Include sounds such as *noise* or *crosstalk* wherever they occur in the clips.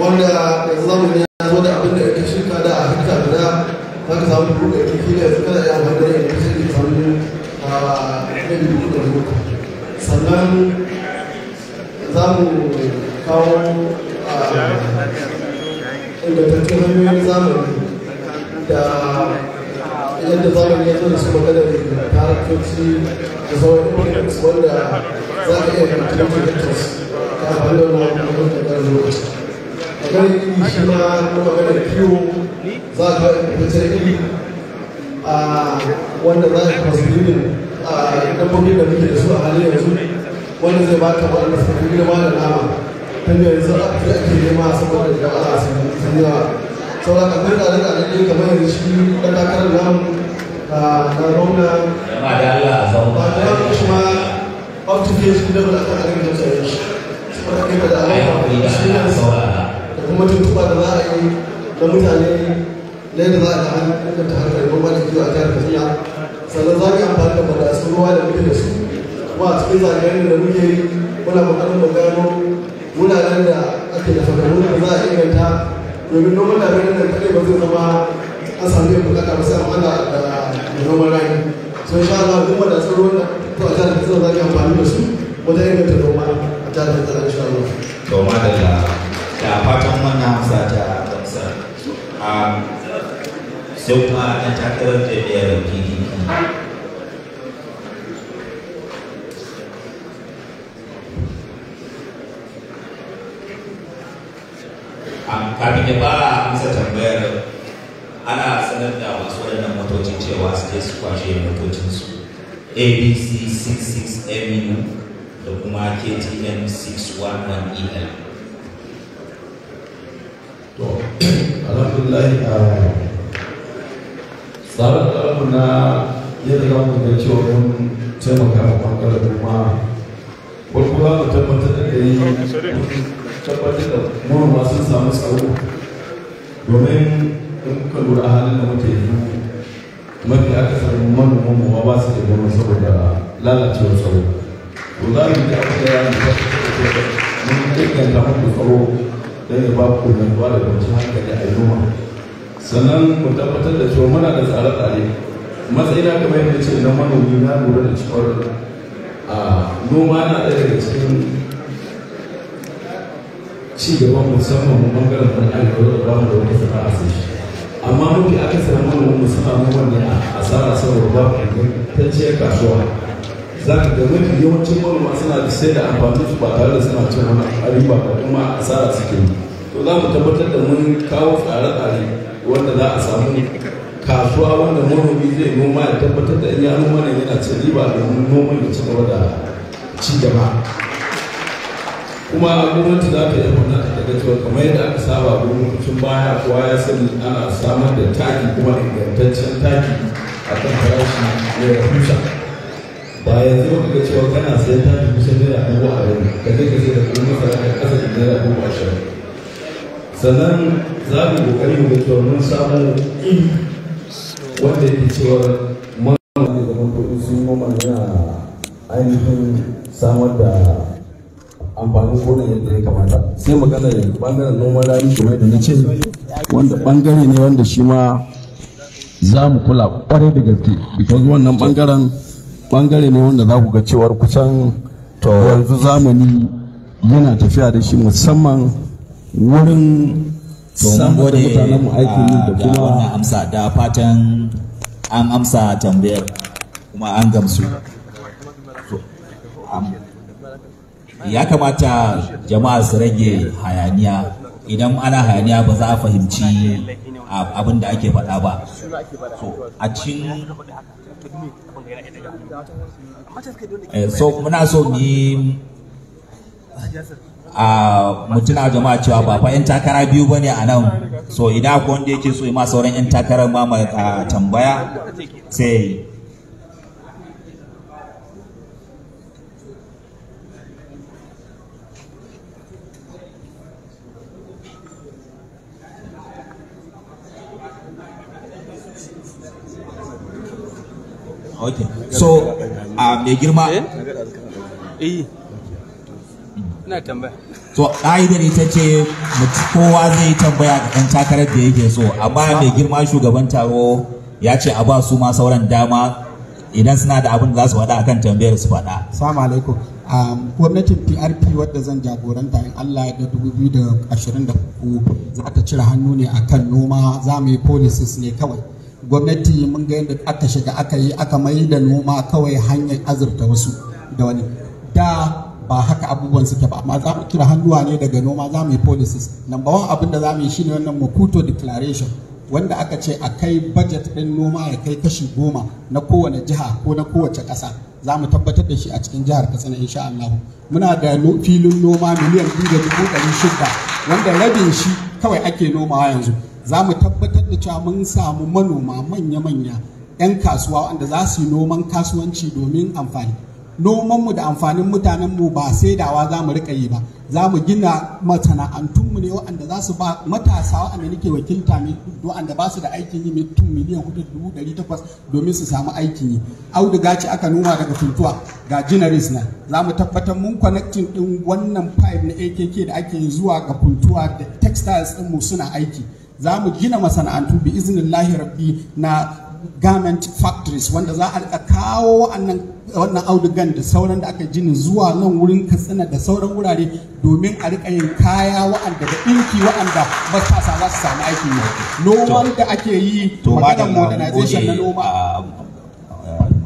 wanda yanzu zamani ya zo da abin da ake shirka da a hekta guda za ka samu dubu ɗari kila yanzu kada ya amfani da yanzu sai ka samu ah, ɗari dubu ɗari uku sannan za mu kawo ah, ingantattun hanyoyin zamani da yadda zamani ya zo da su magana da taraktoci da sauran ingantus wanda za ka iya mutum da ingantus ta da da garki shi ma maganar kiwo za ka fitar iri a wanda za ka fasirin a dabbobin da muke da su a halin yanzu wanda zai ba ka wanda suka girma da nama ta biyar yanzu a fi ake nema saboda da jama'a su yi saura kamar da rika da ɗin kamar yanzu shi ɗan takarar namu na rauna ba da Allah shi ma up to date da ba da aka rika da shi saboda kai ba da Allah shi ne kuma tuntuɓa da za a yi da mutane na yadda za a da ta harkar noma da kiwo a jihar katsina sannan za mu yi amfani da madasun ruwa da muke da su kuma a cikin zagayen da muke yi muna buƙatar mu gano wuraren da ake da fakarun da za a inganta domin noman labarin nan kaɗai ba zai zama an samu yin buƙata ba sai an da noman rai so insha Allah duk madasun ruwan da to a jihar katsina za mu yi amfani da su wajen inganta noma a jihar katsina insha Allah. da fatan wannan hamsa ta gamsar um, sai kuma ɗan takarar da biyar pdp um, kafin ya fara amsa tambayar ana sanar da masu waɗannan motocin cewa su je su kwashe motocinsu abc 66 mu da kuma ktm 611el to alhamdulillah a tsarin ƙarfi na yadda za mu ga cewa mun taimaka a ɓangaren kuma mu tabbatar da yi tabbatar da manoma sun samu tsaro domin in lura a halin da muke yi mafi akasarin manoman mu ba su da saboda lalacewar tsaro to za mu ji da ya mun inganta tsaro don ya ba ku nutsuwa da kwanci hankali a noma. sannan mu tabbatar da cewa muna da tsare-tsare matsayina kamar yadda ce na manomi na lura da cewar a noma na ɗaya daga cikin ci gaban musamman mu bangaren ɗan arewa da ba da wata sana'a sai shi amma mafi akasarin manomin musamman mu ne a asara saboda ba ta ce kasuwa za ka ga mafi yawancin manoma suna da sai da amfani su ba tare da suna cin wani riba ba kuma asara suke yi to za mu tabbatar da mun kawo tsare-tsare wanda za a samu kasuwa wanda manomi zai noma ya tabbatar da iya noma ne yana cin riba domin noma ya ci gaba da ci gaba kuma gwamnati za ta yi wannan da daga cewa kamar yadda aka saba gwamnatin baya kowa ya sani ana samar da taki kuma ingantaccen taki a kan farashi mai rahusa ba yanzu ba ga cewa kana sai ta fi kusa naira dubu a yau ka je ka sai da kuma masara a kasa da naira dubu ashirin sannan za mu kokari mu ga cewa mun samu wanda yake cewa mana. da zaman kuɗi sun yi mamman yana ainihin samar da amfanin gona yadda ya kamata sai magana ya bangaren noman rani kamar da na ce wanda bangare ne wanda shi ma za mu kula kwarai da gaske bikin wannan bangaren bangare ne wanda za ku ga cewar kusan to yanzu zamani yana tafiya da shi musamman wurin saboda mutanen mu aiki ne da ah, kuma wannan amsa da fatan an amsa tambayar kuma an gamsu ya kamata jama'a su rage hayaniya idan ana hayaniya ba za a fahimci ah, abin da ake faɗa ba a cikin Eh, muna so ni a mutuna jama'a cewa ba fa takara biyu ba ne a nan so idan akwai wanda yake so ya ma sauran 'yan takarar ma tambaya sai okay so a ah, mai girma eh, eh. ina tambaya ƙa'idar ita ce kowa zai tambaya ga ɗan takarar da yake so amma mai girma shugaban taro ya ce a ba su ma sauran dama idan suna da abin da za su faɗa akan tambayar su faɗa. Salamu alaikum. Um, gwamnatin PRP wadda zan jagoranta in Allah ya da 2023 za ta cire hannu ne akan noma za mu yi policies ne kawai. gwamnati mun ga yadda aka shiga aka yi aka mai da noma kawai hanyar azurta wasu da wani da ba haka abubuwan suke ba amma za mu kira hannuwa ne daga noma za mu yi policies number one abin da za mu yi shine wannan makuto declaration wanda aka ce a kai budget din noma ya kai kashi goma na kowane jiha ko na kowace kasa za mu tabbatar da shi a cikin jihar katsina insha Allah muna da filin noma miliyan biyu da dubu ɗari shida wanda rabin shi kawai ake nomawa yanzu za mu tabbatar da cewa mun samu manoma manya-manya 'yan kasuwa wanda za su yi noman kasuwanci domin amfani nomanmu da amfanin mutanenmu ba saidawa za mu rika yi ba za mu gina masana'antunmu ne wa'anda za su ba matasa ke nake wakilta wa'anda ba su da aikin yi mutum miliyan hudu dubu ɗari takwas domin su samu aikin yi auduga ce aka noma daga tuntuwa ga jinaris na za mu tabbatar mun connectin ɗin wannan pipe na akk da ake zuwa ga kuntuwa da textiles ɗinmu suna aiki za mu gina masana'antu bi izinin rabbi na garment factories wanda za a kawo wannan audugan da sauran da aka jini zuwa nan wurin katsina da sauran wurare domin a rika yin kaya wa'anda da ɗinki wa'anda matasa sa su samu aiki ne noman da ake yi maganar modernization na noma ah,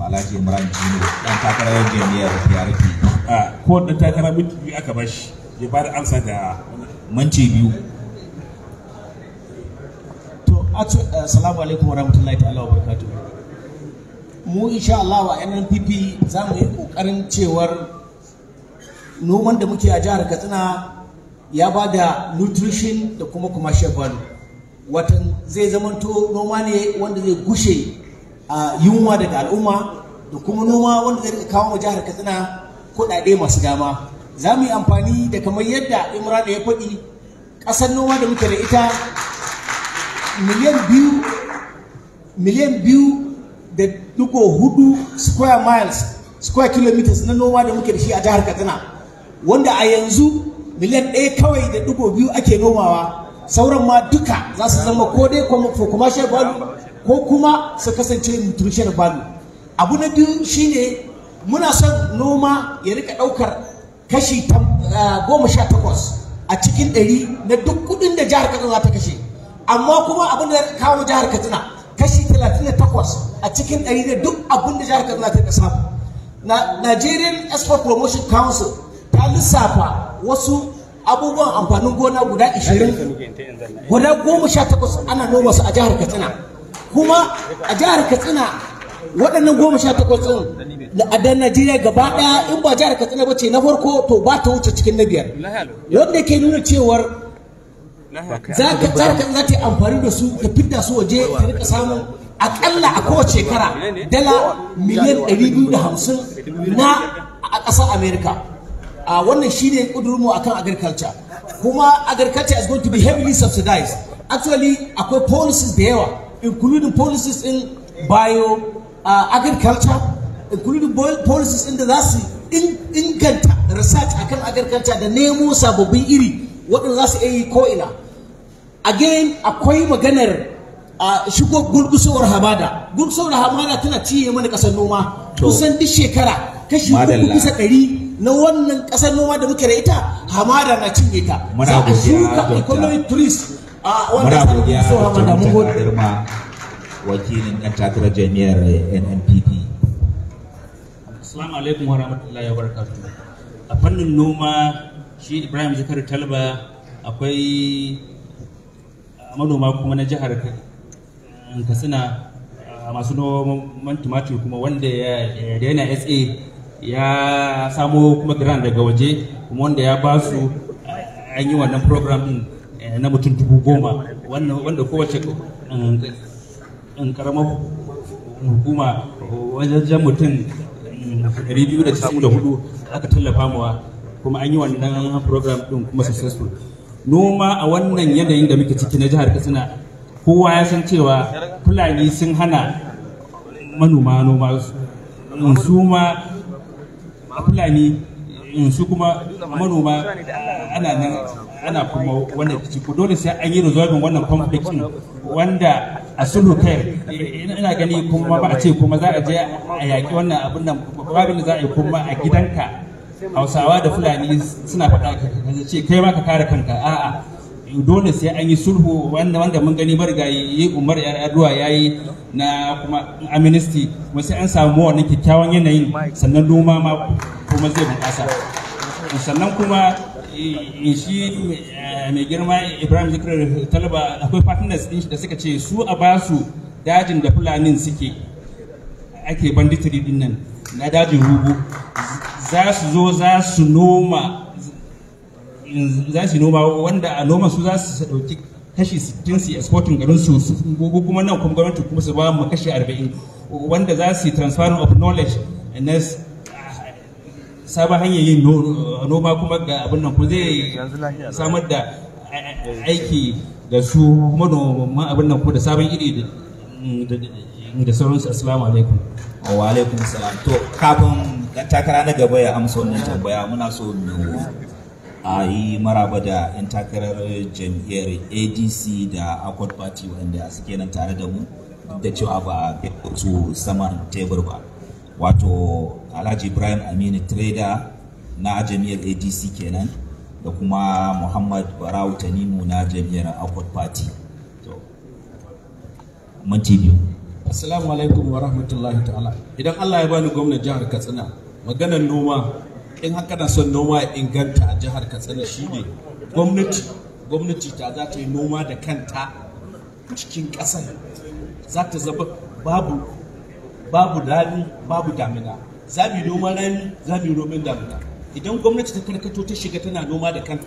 alhaji imran jini dan takarar jami'ar yarfi ah, ko dan takarar minti biyu aka bashi ya bada amsa da manci biyu Eh, assalamu alaikum wa rahmatullahi ta'ala wa barakatu mu insha Allah a NNPP za mu yi kokarin cewar noman da muke a jihar Katsina ya ba da nutrition da kuma commercial value watan zai zamanto noma ne wanda zai gushe a yunwa daga al'umma da kuma noma wanda zai kawo jihar Katsina kuɗaɗe masu dama za mu yi amfani da kamar yadda Imran ya faɗi ƙasar noma da muke da ita miliyan biyu million biyu da duko hudu square miles square kilometers na noma da muke da shi a jihar katsina wanda a yanzu miliyan ɗaya kawai da duko biyu ake nomawa sauran ma duka za su zama ko dai for commercial value ko kuma su kasance nutritional balu abu na biyu shine muna son noma ya rika ɗaukar kashi ah, goma sha takwas a cikin ɗari na duk kuɗin da jihar katsina ta kashe amma kuma abin da ya kawo jihar katsina kashi 38 a cikin ɗari ne duk abin da jihar katsina ta samu nigerian export promotion council ta lissafa wasu abubuwan amfanin gona guda 20 guda 18 ana noma su a jihar katsina kuma a jihar katsina waɗannan goma sha takwas ɗin Najeriya gaba ɗaya in ba jihar Katsina ba ce na farko to ba ta wuce cikin na biyar wanda ke nuna cewar za ka za ta amfani da su ka fidda su waje ka rika samun akalla a kowace shekara dala miliyan 250 na a ƙasar america a wannan shi shine a akan agriculture kuma agriculture is going to be heavily subsidized actually akwai policies da yawa including policies in bio uh, agriculture including policies in da za su inganta research akan agriculture da nemo sababbin iri waɗanda za su iya yi ko'ina again akwai maganar a shigo gurgusowar hamada gurgusowar hamada tana ciye mana kasar noma kusan duk shekara kashi uku bisa ɗari na wannan kasar noma da muke da ita hamada na cinye ta za a shuka economic trees a wanda kasar gurgusowar hamada mun gode wakilin ɗan takarar jami'ar NNPP. Assalamu alaikum wa rahmatullahi wa barakatuh. A fannin noma shi Ibrahim Zakar Talba akwai manoma kuma na jihar katsina masu noman tumatir kuma wanda ya yana sa ya samo kuma grant daga waje kuma wanda ya ba su an yi wannan program din eh, na mutum dubu goma wanda kowace eh, karamar hukuma wajen mutum eh, da aka tallafa mawa kuma an yi wannan program din kuma successful noma a wannan yanayin da muke ciki na jihar katsina kowa ya san cewa fulani sun hana manoma noma su ma fulani su kuma manoma ana nan ana kuma wannan kici ko dole sai an yi resolving wannan conflict wanda a sulhu kai ina gani kuma ba a ce kuma za a je a yaki wannan abin nan babu za a yi kuma a gidanka hausawa da fulani suna faɗa ka ce kai ma ka kare kanka a'a dole sai an yi sulhu wanda wanda mun gani marigayi umar yar aduwa yayi na kuma amnesty kuma sai an samu wannan kyakkyawan yanayin sannan noma ma kuma zai bunƙasa sannan kuma eh, eh, shi eh, mai girma ibrahim zikirar talaba akwai partners din shi da suka ce su a basu dajin da fulani suke ake banditiri din nan na dajin rubu za su zo za su noma za su noma wanda a noma su za su ɗauki kashi 60 su yi exporting garin su gugu kuma nan kuma gwamnati kuma su ba mu kashi 40 wanda za su yi transfer of knowledge na sabon hanyar yin noma kuma ga abin nan ku zai samar da aiki da su kuma noma abin nan ku da sabon iri da sauransu assalamu alaikum wa alaikum salam to kafin dan takara na gaba ya amsa wannan tambaya muna so mu a yi maraba da 'yan takarar jam'iyyar adc da accord party wanda suke nan tare da mu duk da cewa ba su saman tebur ba wato alhaji ibrahim aminu trader na jam'iyyar adc kenan da kuma muhammad barau tanimu na jam'iyyar accord party minti biyu assalamu alaikum wa rahmatullahi ta'ala idan allah ya bani gwamnan jihar katsina maganar noma in haka na son noma ya inganta a jihar katsina shi gwamnati gwamnati ta za ta yi noma da kanta cikin ƙasar za ta zama babu babu rani babu damina za mu yi noma rani za mu yi romin damina idan gwamnati ta karkato ta shiga tana noma da kanta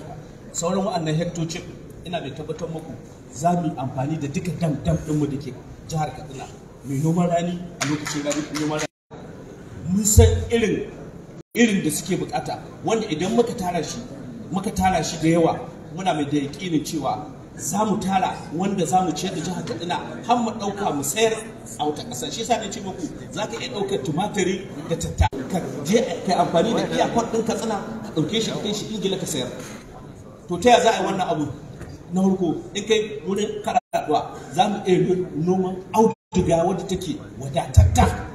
sauran wa'annan hektocin ina mai tabbatar muku za mu yi amfani da duka dam dam ɗinmu da ke jihar katsina mai noman rani a lokacin rani noman rani mun san irin irin da suke bukata wanda idan muka tara shi muka tara shi da yawa muna mai da yakinin cewa za mu tara wanda za mu ciyar da jihar kaduna, har mu ɗauka mu sayar a wata kasa shi yasa na ce muku za ka iya ɗaukar tumatiri da tattaka ka je ka amfani da iyakar ɗin Katsina ka ɗauke shi kai shi Ingila ka sayar to ta ya za a yi wannan abu na farko in kai wurin karatuwa za mu iya noman auduga wadda take wadatatta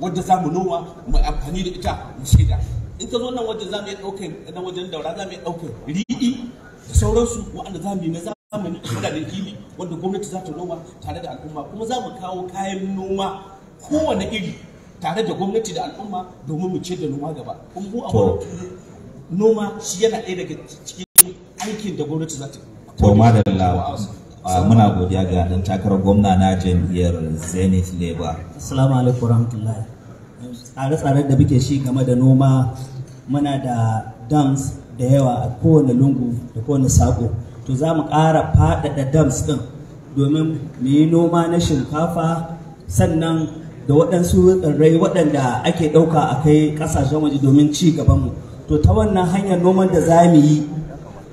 wadda za mu noma mu amfani da ita mu shaida in ka zo nan wajen za mu yi wajen daura za mu iya ɗaukar riɗi da sauransu wa'anda za mu yi na zamani muna da fili wanda gwamnati za ta noma tare da al'umma kuma za mu kawo kayan noma kowane iri tare da gwamnati da al'umma domin mu ce da noma gaba kuma mu a noma shi yana ɗaya daga cikin aikin da gwamnati za ta to madalla muna godiya ga dan takarar gwamna na jam'iyyar zenith labour assalamu alaikum warahmatullahi tsare-tsaren da muke shi game da noma muna da dams da yawa a kowane lungu da kowane sako to za mu ƙara faɗaɗa dams ɗin domin mu yi noma na shinkafa sannan da waɗansu tsirrai waɗanda ake ɗauka a kai ƙasashen waje domin ci gabanmu to ta wannan hanyar noman da za mu yi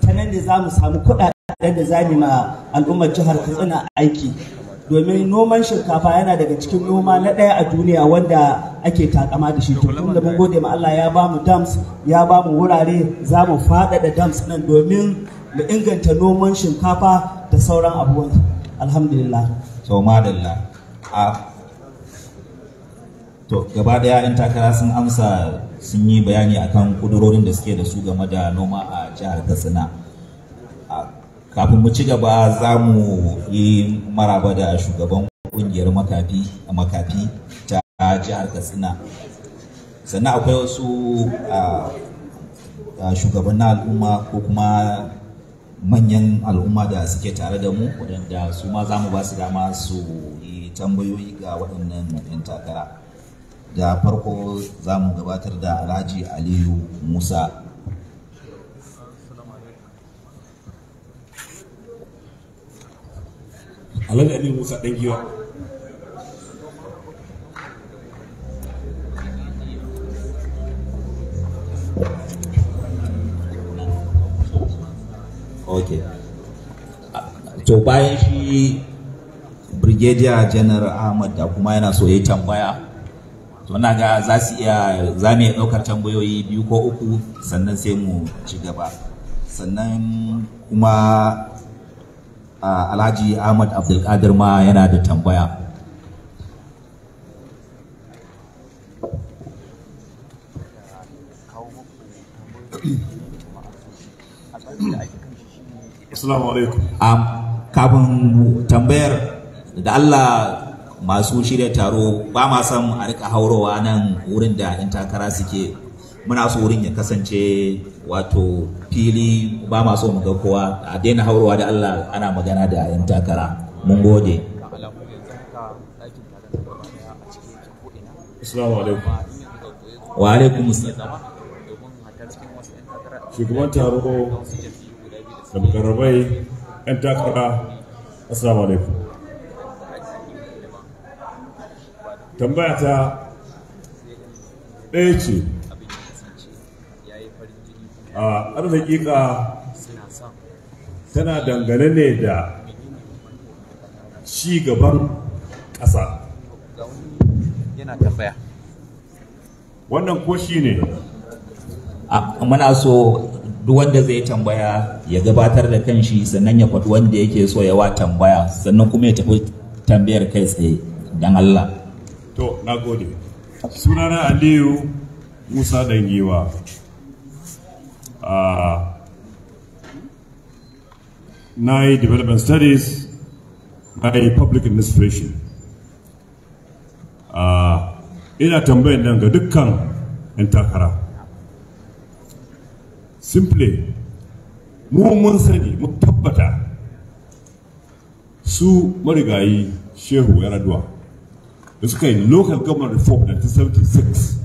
ta nan ne za mu samu kuɗaɗen da za mu ma al'ummar jihar katsina aiki domin noman shinkafa yana daga cikin noma na ɗaya a duniya wanda ake takama da shi to tun da mun gode ma Allah ya ba mu dams ya ba mu wurare za mu faɗaɗa dams nan domin mu inganta noman shinkafa da sauran abubuwan alhamdulillah to madalla a to gaba ɗaya yan takara sun amsa sun yi bayani akan kudurorin da suke da su game da noma a jihar Katsina kafin mu ci gaba za mu yi maraba da shugaban kungiyar makafi a makafi ta jihar katsina sannan akwai wasu shugabannin al'umma ko kuma manyan al'umma da suke tare da mu waɗanda su ma za mu ba su dama su yi tambayoyi ga waɗannan 'yan takara da farko za mu gabatar da alhaji aliyu musa alhaji ali musa dan giwa ok to bayan shi brigadier general ahmad da kuma yana so ya tambaya to na ga za su iya za mu iya ɗaukar tambayoyi biyu ko uku sannan sai mu ci gaba sannan kuma alhaji ahmad abdulkadir ma yana da tambaya Assalamu alaikum. kafin tambayar da Allah masu shirya taro ba ma son a rika haurowa nan wurin da in takara suke muna so wurin ya kasance wato fili ba ma so ga kowa a daina haurwa da Allah ana magana da yan takara mun gode Assalamu wa alaikum assalam shugaban taro da mukarrabai yan takara assalamu alaikum tambaya ta ɗaya ce a arzikika tana dangane ne da shi gaban ƙasa yana tambaya wannan ko shi ne muna so duk wanda zai tambaya ya gabatar da kanshi sannan ya faɗi wanda yake so yawa tambaya sannan kuma ya tafi tambayar kai tsaye don Allah to na gode sunana aliyu musa dangiwa Uh, na yi development studies na public administration uh, ina tambayin nan ga dukkan 'yan takara simple mu mun sani mu tabbata su marigayi shehu yaraduwa da suka yi local government reform 1976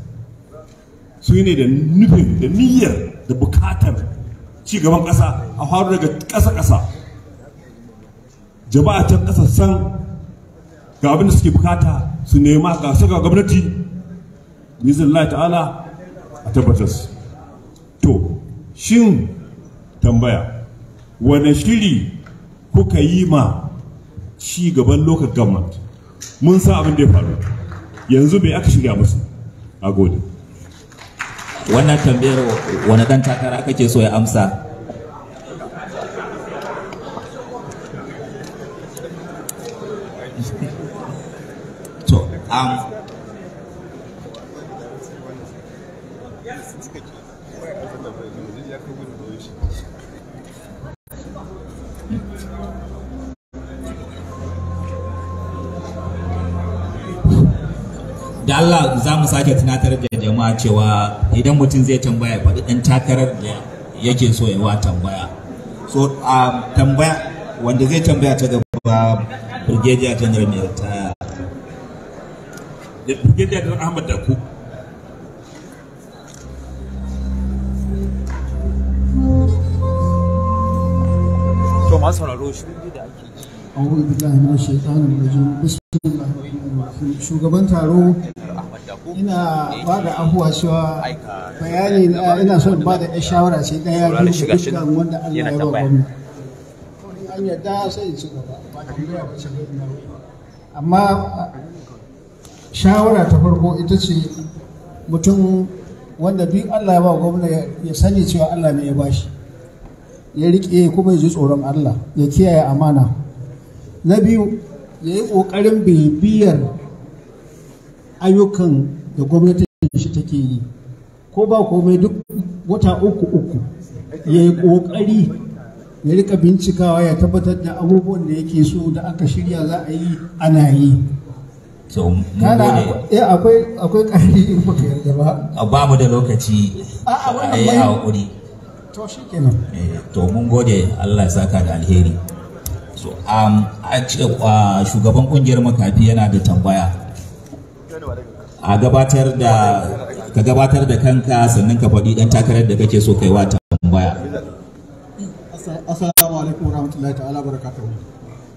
su ne da nufin da niyyar da bukatar cigaban ƙasa a faru daga ƙasa-ƙasa jama'a can kasa san ga abin da suke bukata su nema ga gwamnati nizin lai ta'ala a tabbatar su to shin tambaya wane shiri kuka yi ma ci gaban local government mun sa abin da ya faru yanzu bai aka shirya musu a gode wannan tambayar wani dan takara kake so ya amsa to um, Allah za mu sake tunatar da jama'a cewa idan mutum zai tambaya faɗi ɗan takarar da yake so ya wa tambaya so a tambaya wanda zai tambaya ta gaba brigadier general mai ta brigadier general Ahmad Daku to masu sauraro shi أعوذ بالله من الشيطان الرجيم بسم الله الرحمن الرحيم shugaban taro ina cewa bayani ina son shawara dukkan wanda Allah ya ba gwamna an sai in ci gaba amma shawara ta farko ita ce mutum wanda duk Allah ya ba gwamna ya sani cewa Allah ne ya bashi ya rike kuma ya ji tsoron Allah ya kiyaye amana na biyu ya yi ƙoƙarin bibiyar ayyukan da gwamnatin shi take yi ko ba komai duk wata uku uku ya yi ƙoƙari ya rika bincikawa ya tabbatar da abubuwan da yake so da aka shirya za a yi ana yi eh, akwai ƙari in baka yarda ba ba mu da lokaci a yi haƙuri to shi kenan eh, to mun gode Allah ya saka da alheri so um, a ce uh, shugaban kungiyar makafi yana da tambaya a gabatar da ka gabatar da kanka sannan ka faɗi ɗan takarar da kake so kaiwa tambaya assalamu alaikum warahmatullahi ta'ala barakatuhu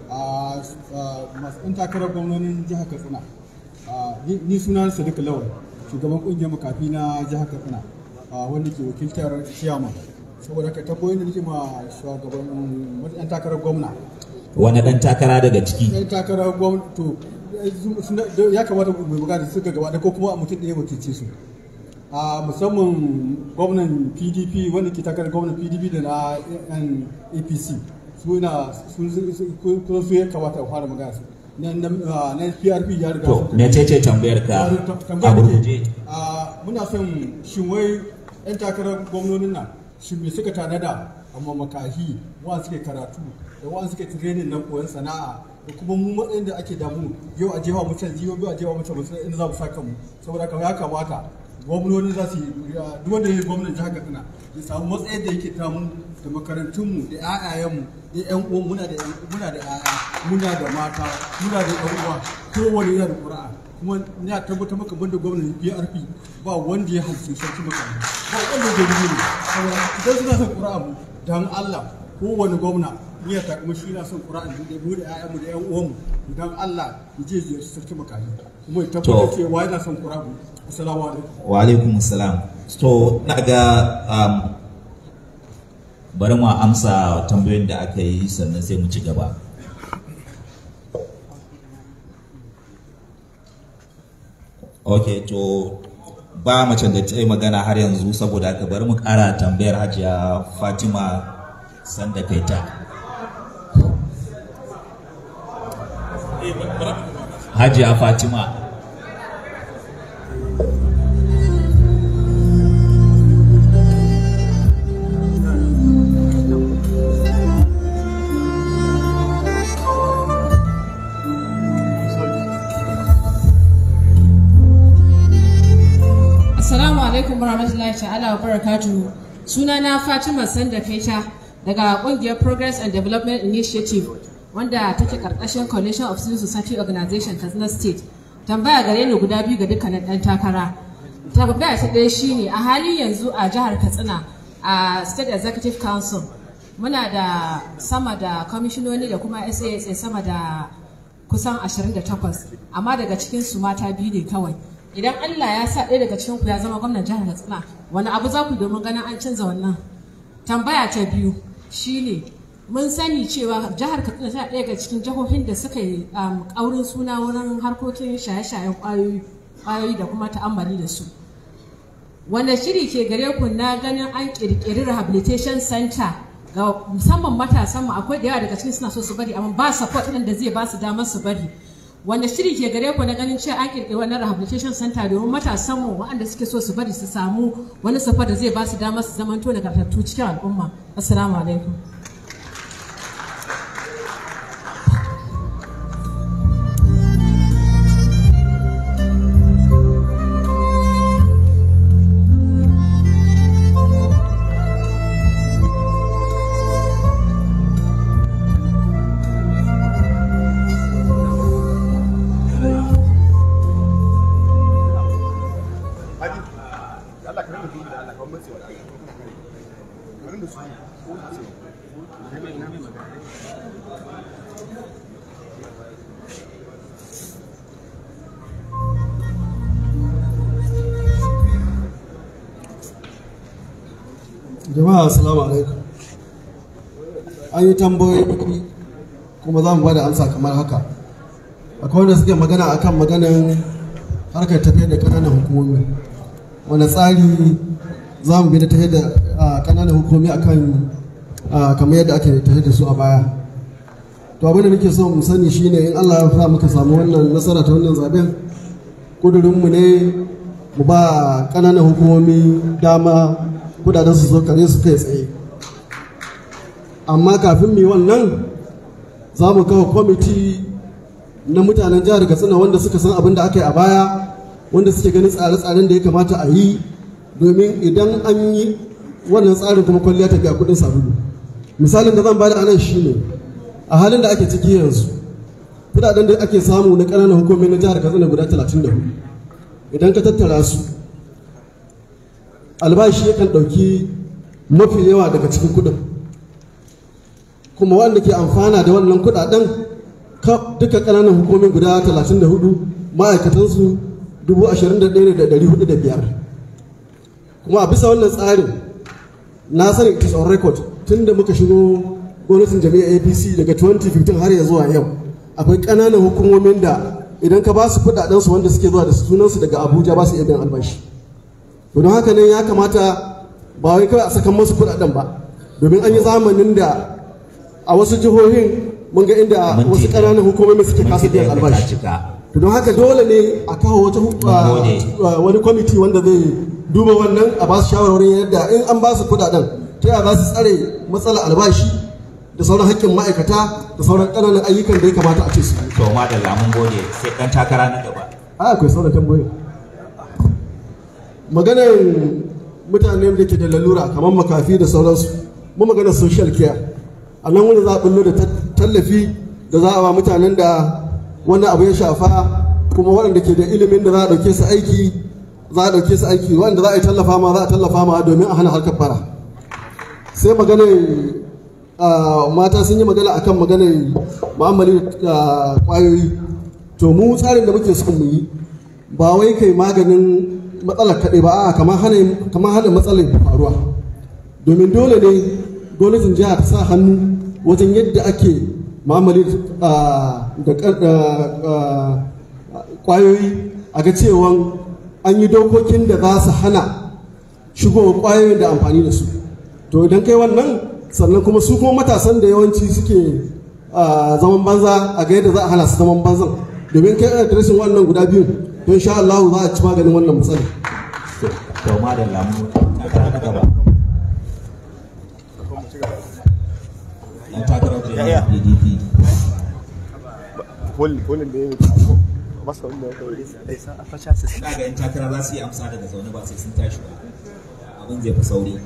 uh, a uh, masu ɗan takarar gwamnonin jihar katsina uh, ni suna sadiq lawal shugaban kungiyar makafi na jihar katsina wanda ke wakiltar chairman saboda ka tabbo yadda nake ma shugaban yan takarar gwamna wani dan takara daga ciki dan takara gwamnati ya kamata mai bukata su gaba da ko kuma a mutum ɗaya mutunci su a musamman gwamnan pdp wanda ke takarar gwamnan pdp da na apc suna sun su ya kamata a fara magana su na prp ya riga to me ce ce tambayar ka a gurguje muna son shin wai yan takarar gwamnonin nan shin me suka tanada amma makahi wa suke karatu da wa'an suke training na koyon sana'a da kuma mu matsayin da ake damu yau a jewa mutan jiyo yau a jewa mutan mutan inda za mu sa kanmu saboda kamar ya kamata gwamnoni za su yi duk wanda ya yi gwamnan jihar katsina ya samu matsayin da yake tamu da makarantunmu da 'ya'yayenmu da ƴan uwan muna da muna da 'ya'ya muna da mata muna da ƴan uwa kowane yana da ƙura'a kuma ina tabbata maka banda gwamnan BRP ba wanda ya halce sarki makarantu ba wanda ya gudu ne idan suna son ƙura'a mu dan Allah kowane gwamna ya kuma shi na son ƙura'an da mu da ya da ƴan uwanmu idan Allah mu je ya sarki makaji kuma ya ce cewa yana son ƙura'an assalamu alaikum wa alaikum assalam to na ga um, bari mu amsa tambayoyin da aka yi sannan sai mu ci gaba ok to ba macen da ta yi magana har yanzu saboda ka bari mu kara tambayar hajiya fatima sanda kaita hajiya fatima Assalamu alaikum warahmatullahi ta'ala wa barakatuhu. na Fatima Sanda Kaita daga ƙungiyar Progress and Development Initiative wanda take karkashin coalition of civil society organization katsina state tambaya gare ni guda biyu ga dukkanin ɗan takara tambaya ta ɗaya shine a halin yanzu a jihar katsina a state executive council muna da sama da kwamishinoni da kuma sasa sama da kusan 28 amma daga cikin su mata biyu ne kawai idan allah ya sa ɗaya daga cikin ku ya zama gwamnan jihar katsina wani abu za ku domin ganin an canza wannan tambaya ta biyu shine mun sani cewa jihar katsina tana ɗaya ga cikin jihohin da suka yi um, ƙaurin suna wurin harkokin shaye-shayen ƙwayoyi da kuma ta'ammali da su wanda shiri ke gare ku na ganin an ƙirƙiri rehabilitation center ga musamman matasanmu akwai da yawa daga cikin suna so su bari amma ba support ɗin da zai ba su damar su bari wanda shiri ke gare ku na ganin cewa an ƙirƙiri wannan rehabilitation center domin matasanmu waɗanda suke so su bari su samu wani support da zai ba su damar su zamanto nagartattu cikin al'umma assalamu alaikum yi tambayoyi kuma za mu bada amsa kamar haka akwai wanda suke magana akan maganan harkar tafiyar da kananan hukumomi wanda tsari za mu bi da tafiyar da kananan hukumomi akan kamar yadda ake tafiyar da su a baya to abin da muke so mu sani shine in Allah ya fara muka samu wannan nasara ta wannan zaben kudurin mu ne mu ba kananan hukumomi dama kudaden su zo kare su kai tsaye amma kafin mu yi wannan za mu kawo kwamiti na mutanen jihar katsina wanda suka san abin da aka yi a baya wanda suke ganin tsare-tsaren da ya kamata a yi domin idan an yi wannan tsarin kuma kwalliya ta biya kudin sabulu misalin da zan bada anan shine a halin da ake ciki yanzu kudaden da ake samu na ƙananan hukumomi na jihar katsina guda 34 idan ka tattara su albashi yakan ɗauki mafi yawa daga cikin kudin kuma wanda ke amfana da wannan kudaden duka kananan hukumin guda 34 ma'aikatansu 21,405 kuma a bisa wannan tsarin na sani it is on record tun da muka shigo gwamnatin jami'a apc daga 2015 har ya zuwa yau akwai kananan hukumomin da idan ka ba su kudadensu wanda suke zuwa da sunansu daga abuja ba su iya biyan albashi don haka nan ya kamata ba wai kawai a sakan masu kudaden ba domin an yi zamanin da a wasu jihohin mun ga inda wasu ƙananan hukumomi suke kasa biyan albashi don haka dole ne a kawo wata wani kwamiti wanda zai duba wannan a ba su shawarwarin yadda in an ba su kudaden ta yaya za su tsare matsalar albashi da sauran hakkin ma'aikata da sauran ƙananan ayyukan da ya kamata a ce su to ma da lamun gode sai ɗan takara na gaba a akwai sauran tambayoyi maganar mutane da ke da lalura kamar makafi da sauransu mu maganar social care a nan wanda za a bullo da tallafi da za a ba mutanen da wannan abu ya shafa kuma waɗanda ke da ilimin da za a ɗauke su aiki za a ɗauke su aiki waɗanda za a yi tallafa ma za a tallafa ma domin a hana harkar fara sai maganar mata sun yi magana akan maganar mu'amali da ƙwayoyi to mu tsarin da muke son mu yi ba wai kai maganin matsalar kaɗai ba a'a kamar hana matsalar faruwa domin dole ne gwamnatin jiha ta sa hannu wajen yadda ake mamali ah, da ah, ah, kwayoyi a ga cewa an yi dokokin da za su hana shigowa kwayoyin da amfani da su to idan kai wannan sannan kuma su kuma matasan da yawanci suke zaman banza a ga yadda za a hana su zaman banzan domin kai adireshin wannan guda biyu don sha Allah za a ci maganin wannan matsala. kulli kullin da ya yi masa wanda ya kai a fasha su ina ga yan takara za su yi amsa daga zaune ba sai sun tashi ba abin zai fi sauri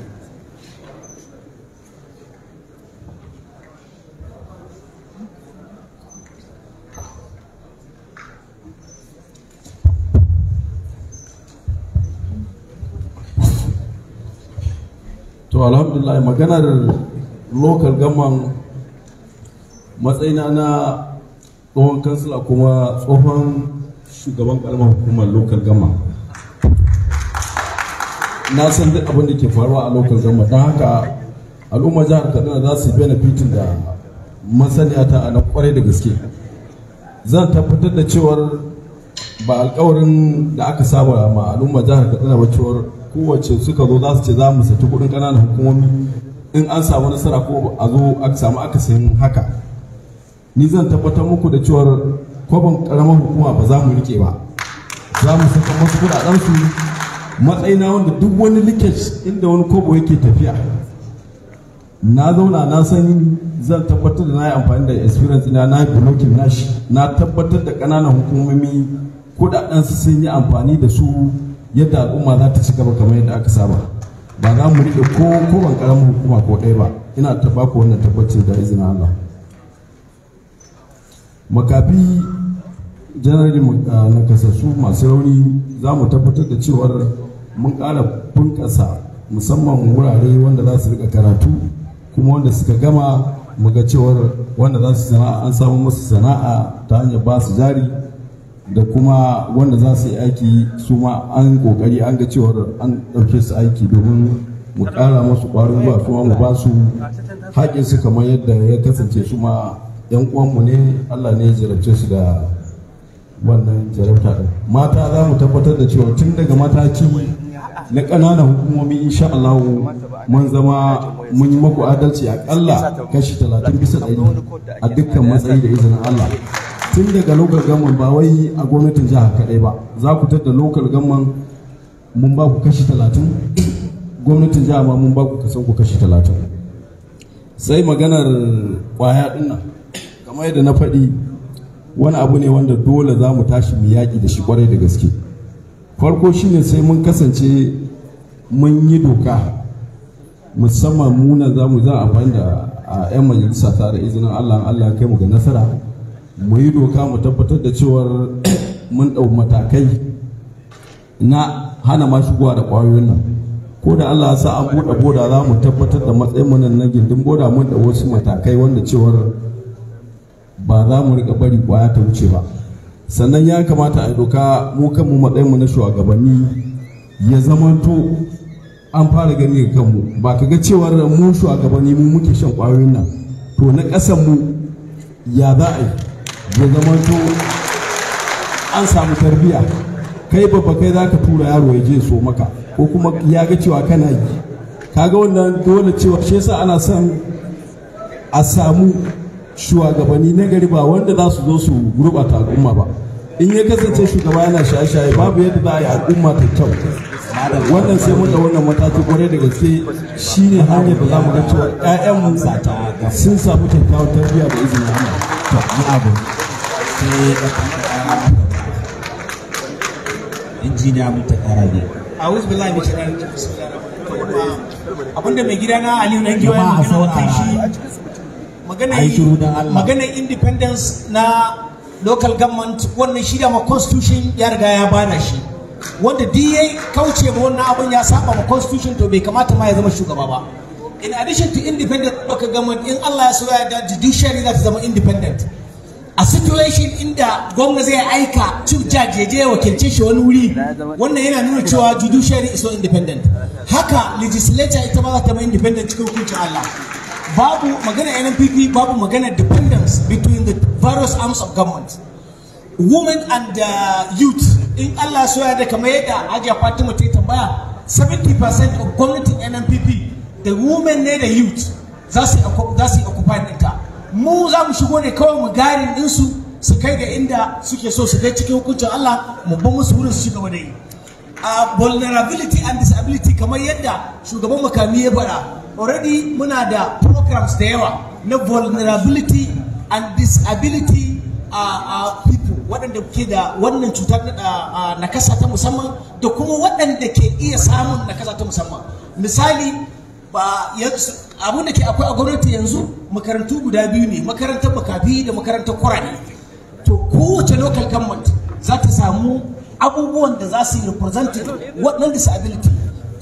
to alhamdulillah maganar local gaman matsayina na tsohon kansila kuma tsohon shugaban kalmar hukumar local gama na san duk abin da ke faruwa a local gama don haka al'ummar jihar kaduna za su benefitin da masaniya ta a kwarai da gaske zan tabbatar da cewar ba alkawarin da aka saba ma al'ummar jihar kaduna ba cewar kowace suka zo za su ce za mu saki kudin ƙananan hukumomi in an samu nasara ko a zo a samu akasin haka ni zan tabbatar muku da cewar kwabon karamar hukuma ba za mu rike ba za mu saka masu matsayi matsayina wanda duk wani leakage inda wani kobo yake tafiya na zauna na san zan tabbatar da na yi amfani da experience na na blocking nashi na tabbatar da kananan hukumomi su sun yi amfani da su yadda al'umma za ta ci gaba kamar yadda aka saba ba za mu riƙe ko ko ƙaramin hukuma ko ɗaya ba ina ta baku wannan tabbacin da izinin Allah makafi janarali ah, na kasassu masu rauni za mu tabbatar da cewar mun ƙara bunƙasa musamman wurare wanda za su rika karatu kuma wanda suka gama mu ga cewar wanda za su sana'a an samu musu sana'a ta hanyar ba su jari da kuma wanda za su yi aiki su ma an kokari an ga cewar an ɗauke su aiki domin mu ƙara masu ƙwarin gwiwa kuma mu ba su haƙƙinsu kamar yadda ya kasance su ma yan uwanmu ne allah ne ya su da wannan jarabta ɗin mata za mu tabbatar da cewa tun daga mataki na ƙananan hukumomi insha Allah mun zama mun yi maku adalci aƙalla kashi talatin bisa ɗari a dukkan matsayi da izinin Allah tun daga local government ba wai a gwamnatin jihar kaɗai ba za ku tadda local government mun ba ku kashi talatin gwamnatin jihar ma mun ba ku kasan ku kashi talatin sai maganar ƙwaya ɗin nan kamar yadda na faɗi wani abu ne wanda dole za mu tashi mu yaƙi da shi kwarai da gaske farko shine sai mun kasance mun yi doka musamman muna za mu za amfani da a 'yan majalisa ta da izinin allah allah kai mu ga nasara mu yi doka mu tabbatar da cewar *coughs* mun ɗau matakai na hana ma shigowa da ƙwayoyin nan ko da allah sa an buɗe boda za mu tabbatar da matsayin mu nan na gindin boda mun ɗau wasu matakai wanda cewar ba za mu rika bari kwaya ta wuce ba sannan ya kamata a doka mu kanmu mu na shugabanni ya zamanto an fara gani ga kanmu ba ka ga cewar mu shugabanni mu muke shan kwayoyin nan to na ƙasan mu ya za a yi ya zamanto an samu tarbiyya kai babba kai za ka tura yaro ya je so maka ko kuma ya ga cewa kana yi kaga wannan dole cewa shi yasa ana son a samu shugabanni na gari ba wanda za su zo su gurɓata al'umma ba in ya kasance shugaba yana shaye-shaye babu yadda za a yi al'umma ta kyau wannan sai mun da wannan mataki kwarai da gaske shine hanyar da za mu ga cewa ƴaƴanmu sun samu kyakkyawar tarbiyya da izinin Allah to ni abu sai injiniya mun ta kara ne a'udhu billahi min shaitanir rajim abinda mai na Aliyu nan giwa ya magana kan shi magana independence na local government wannan shi ma constitution ya riga ya bada shi wanda DA kauce ma wannan abun ya saba ma constitution to bai kamata ma ya zama shugaba ba in addition to independent local government in Allah ya so ya da judiciary za ta zama independent a situation inda gwamna zai aika chief judge ya je wakilce shi wani wuri wannan yana nuna cewa judiciary is so independent haka legislature ita ma za ta zama independent cikin hukuncin Allah babu magana NNPP babu magana dependence between the various arms of government women and uh, youth in Allah so ya da kamar yadda Hajiya Fatima ta tambaya 70% of gwamnatin NNPP da women ne da youth za su yi occupy ɗinta mu za mu shigo ne kawai mu garin din su su kai da inda suke so su kai cikin hukuncin Allah mu ba musu wurin su ci gaba da yi a vulnerability and disability kamar yadda shugaban makami ya bara already muna da programs da yawa na vulnerability and disability a people waɗanda ke da wannan cutar nakasa ta musamman da kuma waɗanda ke iya samun nakasa ta musamman misali abin da ke akwai a gwamnati yanzu makarantu guda biyu ne makarantar makafi da makarantar kurani to kowace local government za ta samu abubuwan da za su yi represented waɗannan disability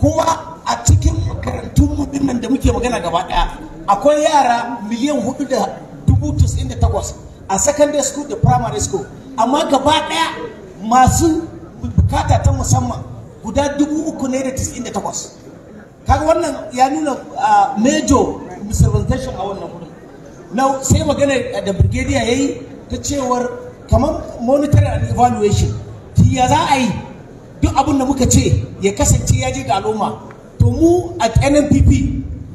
kuma a cikin makarantun nan da muke magana gaba ɗaya akwai yara miliyan hudu da dubu da takwas a secondary school da primary school amma gaba ɗaya masu bukata ta musamman guda dubu uku ne da da takwas kaga wannan ya nuna major misrepresentation a wannan wurin na sai magana da brigadier ya yi ta cewar kamar monitoring and evaluation ya za a yi duk abin da muka ce ya kasance ya je ga al'umma to mu a NNPP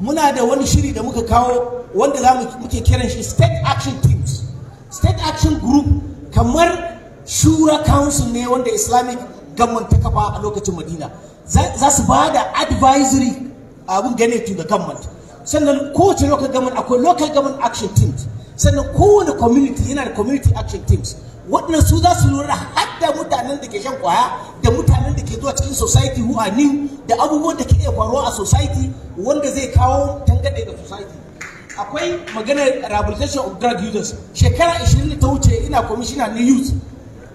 muna da wani shiri da muka kawo wanda za mu muke kiran shi state action teams state action group kamar shura council ne wanda islamic government ta kafa a lokacin madina za su ba da advisory abin gane to the government sannan kowace local government akwai local government action teams sannan kowane community yana da community action teams waɗannan su za su lura har da mutanen da ke shan kwaya da mutanen da ke zuwa cikin society who are new da abubuwan da ke iya faruwa a society wanda zai kawo tangaɗe ga society akwai maganar rehabilitation of drug users shekara 20 da ta wuce ina commissioner na youth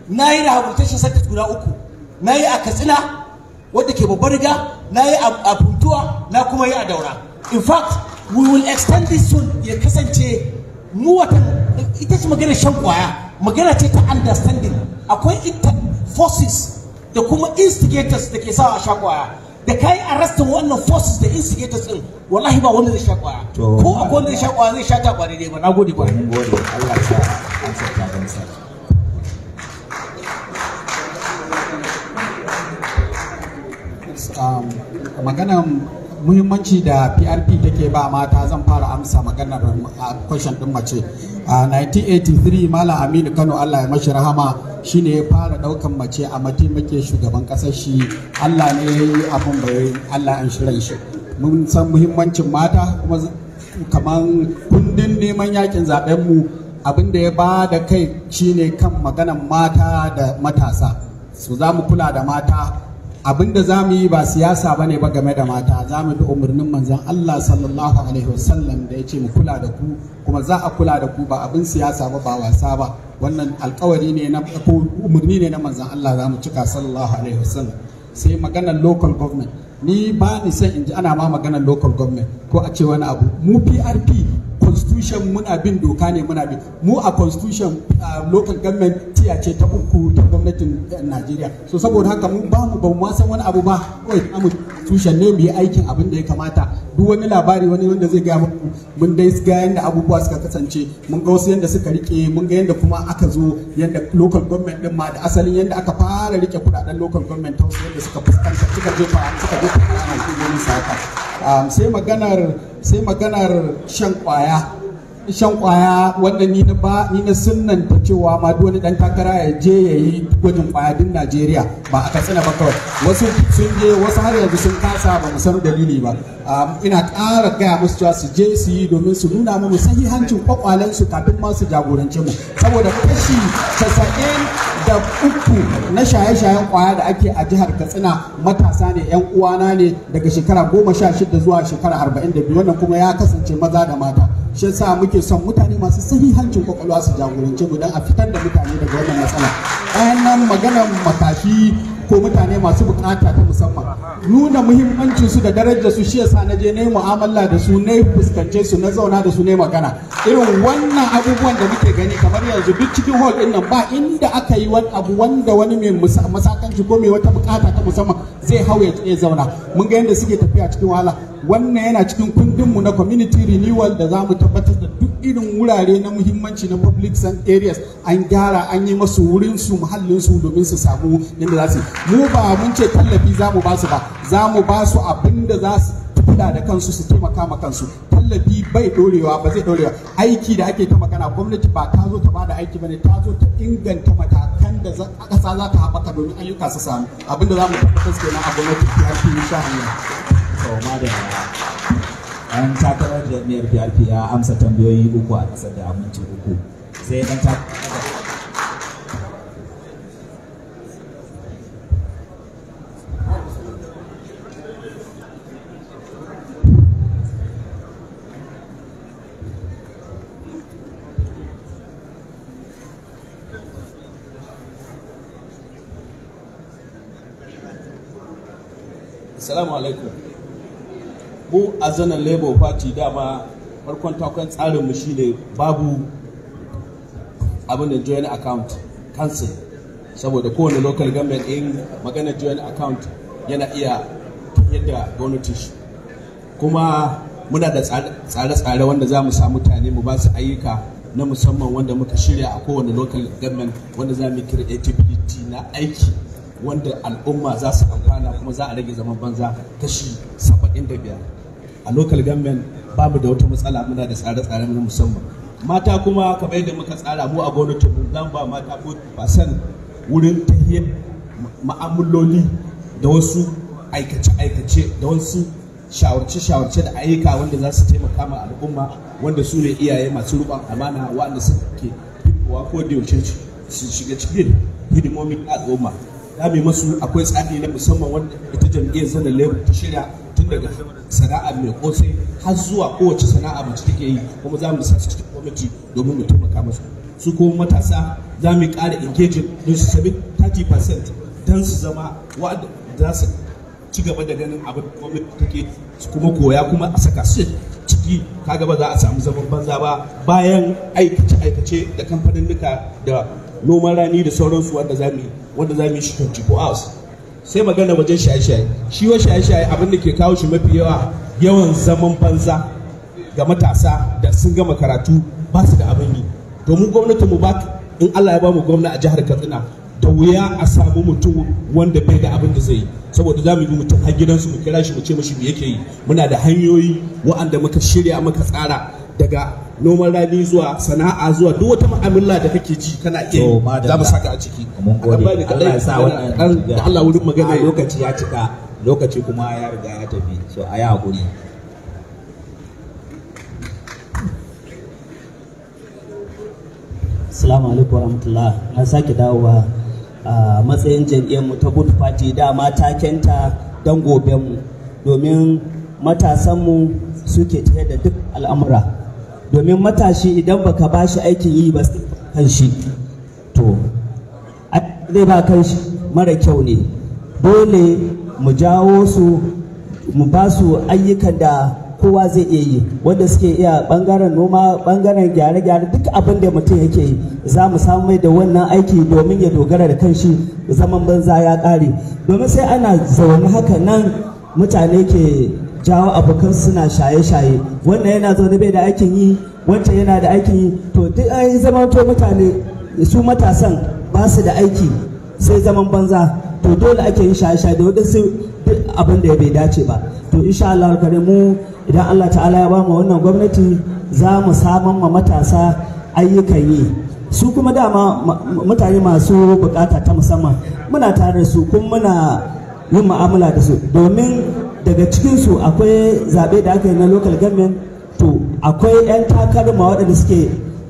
na yi rehabilitation centers guda uku na yi a katsina wadda ke babbar riga na yi a puntuwa na kuma yi a daura in fact we will extend this soon ya kasance mu watan ita ce maganar shan kwaya magana ce ta understanding akwai ita forces da kuma instigators da ke sawa a sha kwaya da kai arrestin wannan forces da instigators din wallahi ba wanda zai sha kwaya ko akwai wanda zai sha kwaya zai sha ta kwaya daidai ba nagode ba gode Allah ya sa an sa ta um maganan muhimmanci da PRP take ba mata zan fara amsa maganar question din mace a 1983 Malam Aminu Kano Allah ya mashi rahama shine ya fara daukan mace a mataimake shugaban kasar shi Allah ne ya yi abin Allah an shirya shi mun san muhimmancin mata kuma kaman kundin neman yakin zaben mu abin da ya ba da kai shine kan maganar mata da matasa su za kula da mata abin da za mu yi ba siyasa ba ne ba game da mata za mu bi umarnin manzon Allah sallallahu alaihi wasallam da ya ce mu kula da ku kuma za a kula da ku ba abin siyasa ba ba wasa ba wannan alkawari ne na ko umarni ne na manzon Allah za mu cika sallallahu alaihi wasallam sai maganar local government ni ba ni san in ji ana ma maganar local government ko a ce wani abu mu PRP constitution constitution muna bin doka ne muna bin mu a constitution local government tiya ce ta uku ta gwamnatin eh, Najeriya so saboda haka mun ba mu ba mu san wani abu ba kai amu tushen ne mu yi aikin abin da ya kamata duk wani labari wani wanda zai gaya muku mun dai ga yanda abubuwa suka kasance mun ga wasu yanda suka rike mun ga yanda kuma aka zo yanda local government din ma da asalin yanda aka fara rike kudaden local government ta wasu yanda suka fuskanta suka jefa suka jefa a cikin saka sai maganar sai maganar shan kwaya shan kwaya wanda ni na ba ni na sunnan ta cewa ma duk wani dan takara ya je ya yi gwajin kwaya din Najeriya ba a katsina ba kawai wasu sun je wasu har yanzu sun kasa ba mu san dalili ba ina ƙara gaya musu cewa su je su yi domin su nuna mu sahihancin kwakwalen su kafin ma su jagorance mu saboda kashi casa'in da uku na shaye-shayen kwaya da ake a jihar katsina matasa ne yan uwana ne daga shekara goma sha shida zuwa shekara arba'in da biyu wannan kuma ya kasance maza da mata shi yasa muke son mutane masu sahihancin kwakwalwa su jagorance mu don a fitar da mutane daga wannan matsala nan maganar matashi ko mutane masu bukata ta musamman nuna muhimmancin su da darajar su shi yasa naje ne mu'amala da su na fuskance su na zauna da su ne magana irin wannan abubuwan da muke gani kamar yanzu duk cikin hall din nan ba inda aka yi wani abu wanda wani mai masakanci ko mai wata bukata ta musamman zai hau ya zauna mun ga yadda suke tafiya cikin wahala wannan yana cikin kundinmu na community renewal da za mu tabbatar da duk irin wurare na muhimmanci na public areas an gyara an yi masu wurinsu muhallinsu domin su samu yadda za su mu ba mun ce tallafi za mu ba su ba za mu ba su abin da za su tafiya da kansu su taimaka ma kansu tallafi bai dorewa ba zai dorewa aiki da ake ta magana gwamnati ba ta zo ta bada aiki ne ta zo ta inganta matakan da ƙasa za ta haɓaka domin ayyuka su samu abinda za mu tabbatar kenan a gwamnati ta yi insha Allah kawama da ɗan takarar jami'ar PRP ya amsa tambayoyi uku a ƙasar da aminci uku sai ɗan takarar Assalamu alaikum. mu a zanen labour party dama farkon takon tsarin tsarinmu shine babu abin da joint account council saboda kowane local government in magana joint account yana iya yadda gwamnati shi kuma muna da tsare-tsare wanda za mu samu mutane mu ba su ayyuka na musamman wanda muka shirya a kowane local government wanda za mu creativity na aiki wanda al'umma za su amfana kuma za a rage zaman banza kashi biyar. a local government babu da wata matsala muna da tsare-tsare na musamman mata kuma kamar yadda muka tsara mu a gwamnati mu zan ba mata ko san wurin tahiyar ma'amuloli da wasu aikace-aikace da wasu shawarce-shawarce da ayyuka wanda za su taimaka ma al'umma wanda su ne iyaye masu ruban amana waɗanda suke fitowa ko da yaushe su shiga cikin hidimomin al'umma za masu akwai tsari na musamman wanda ita jam'iyyar zanen lebur ta shirya tun daga sana'a mai kosai har zuwa kowace sana'a mace take yi kuma za mu sa su cikin gwamnati domin mu taimaka musu su kuma matasa za mu ƙara engaging don su sabi 30% don su zama wa'anda za su ci gaba da ganin abin gwamnati take su kuma koya kuma a saka su ciki kaga ba za a samu zaman banza ba bayan aikace-aikace da kamfanin da noman rani da sauransu wanda za mu wanda za mu yi shi 24 hours sai magana wajen shaye-shaye shi wa shaye-shaye abin da ke kawo shi mafi yawa yawan zaman banza ga matasa da sun gama karatu ba su da abin yi to mu gwamnatin mu ba in Allah ya ba mu gwamna a jihar Katsina da wuya a samu mutum wanda bai da abin da zai yi saboda za mu yi mutum har gidansu mu kira shi mu ce mashi me yake yi muna da hanyoyi wa'anda muka shirya muka tsara daga noman rani zuwa sana'a zuwa duk wata mu'amala da kake ji kana iya yi za mu saka a ciki mun gode Allah ya sa wannan da Allah wurin magana lokaci ya cika lokaci kuma ya riga ya tafi so a yi hakuri Assalamu alaikum warahmatullah na sake dawowa a matsayin jam'iyyar mu ta Good Party da matakenta dan gobe mu domin mu suke tare da duk al'amura domin matashi idan baka ba shi aikin yi ba kan shi to zai ba kan shi mara kyau ne dole mu jawo su mu ba su ayyukan da kowa zai iya yi wanda suke iya bangaren noma bangaren gyare-gyare duk abin da mutum yake yi za mu samu mai da wannan aiki domin ya dogara da kan kanshi zaman banza ya ƙare domin sai ana zaune haka nan mutane ke jawo abokan suna shaye-shaye wannan yana zaune bai da aikin yi wancan yana da aikin yi to duk an yi zama to mutane su matasan ba su da aiki sai zaman banza to dole ake yi shaye-shaye da waɗansu duk abin da bai dace ba to insha Allah kare mu idan Allah ta'ala ya bamu wannan gwamnati za mu saman ma matasa ayyukan yi su kuma dama mutane masu bukata ta musamman muna tare da su kuma muna yin mu'amala da su domin daga cikinsu akwai zaɓe da aka yi na local government to akwai 'yan takarma waɗanda suke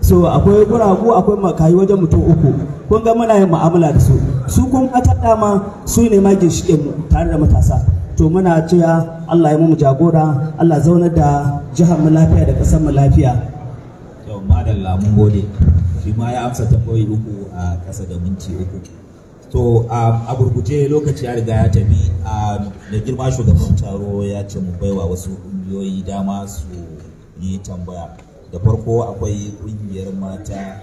so akwai guragu akwai makayi wajen mutum uku kun ga muna yin mu'amala da su su kun mataɗa ma su ne ma ginshiƙin mu tare da matasa to muna cewa Allah ya mu jagora Allah zaunar da jihar mu lafiya da ƙasar mu lafiya yau madalla mun gode shi ma ya amsa tambayoyi uku a ƙasa da minti uku to um, a burguje lokaci ya riga ya tafi um, a da girma shugaban taro ya ce mu baiwa wasu kungiyoyi dama su yi tambaya da farko akwai kungiyar mata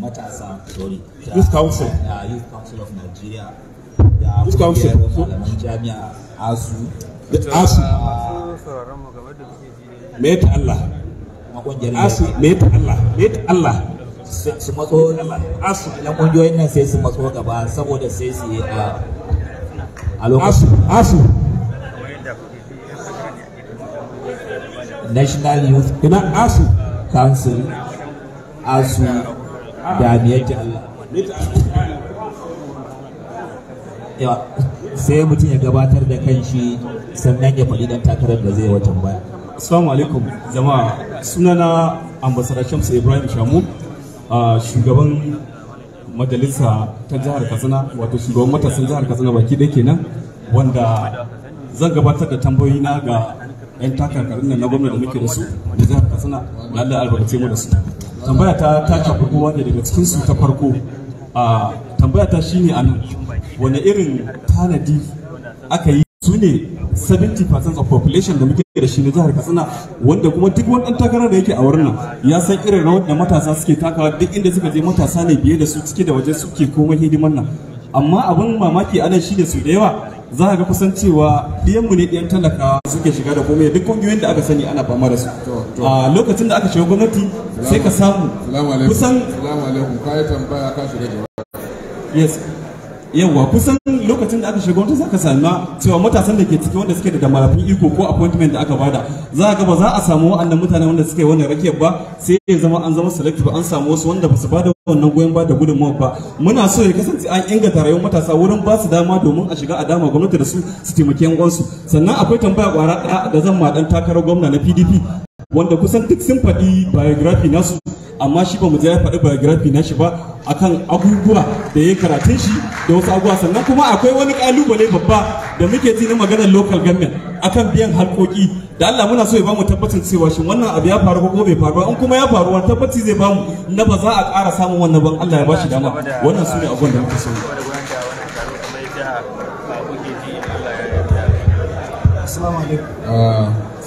matasa sorry youth council da youth council of nigeria da youth council malaman jami'a asu da asu me ta Allah asu me ta Allah me ta Allah su matso asu ilan kungiyoyin nan sai su matso gaba saboda sai su yi a lokacin asu national youth ina asu council asu damiyar Allah yawa sai mutum ya gabatar da kanshi sannan ya faɗi dan takarar da zai watan baya assalamu alaikum jama'a sunana ambassador shamsu ibrahim shamu shugaban majalisa ta jihar katsina wato shugaban matasan jihar katsina baki ɗaya kenan wanda zan gabatar da tambayoyi na ga 'yan takarkarin nan na gwamnati da muke da su da jihar katsina na Allah albarkace mu da su tambaya ta ta shafi kowa ne daga cikin su ta farko a tambaya ta shine anan wani irin tanadi aka yi su ne 70% of population da muke da shi na jihar katsina wanda kuma duk wani takarar da yake a wurin nan ya san irin rawar da matasa suke takawa duk inda suka je matasa ne biye da su cike da waje suke komai hidiman nan amma abin mamaki ana shi ne su da yawa za a ga kusan cewa ɗiyanmu ne ɗiyan talakawa suke shiga da komai duk ƙungiyoyin da aka sani ana fama da su a lokacin da aka shiga gwamnati sai ka samu kusan salamu alaikum ka yi tambaya ka shiga jawabi yes yawwa kusan lokacin da aka shiga wata zaka sami cewa matasan da ke ciki wanda suke da damarafin iko ko appointment da aka bada za ga ba za a samu wa'annan mutane wanda suke wannan rakiyar ba sai ya zama an zama selective an samu wasu wanda ba su bada wannan goyon ba da gudunmawa ba muna so ya kasance an inganta rayuwar matasa wurin ba su dama domin a shiga a dama gwamnati da su su taimaki yan uwansu sannan akwai tambaya kwara ɗaya da zan ma dan takarar gwamna na PDP wanda kusan duk sun faɗi biography nasu amma shi ba mu ya faɗi biography na shi ba akan abubuwa da ya karatun shi da wasu abubuwa sannan kuma akwai wani kalubale babba da muke ji na maganar local government akan biyan harkoki da Allah muna so ya bamu tabbacin cewa shin wannan abu ya faru ko bai faru in kuma ya faru wani tabbaci zai bamu na ba za a ƙara samun wannan ban Allah ya bashi dama wannan su ne abubuwan da muke so Assalamu alaikum. Ah,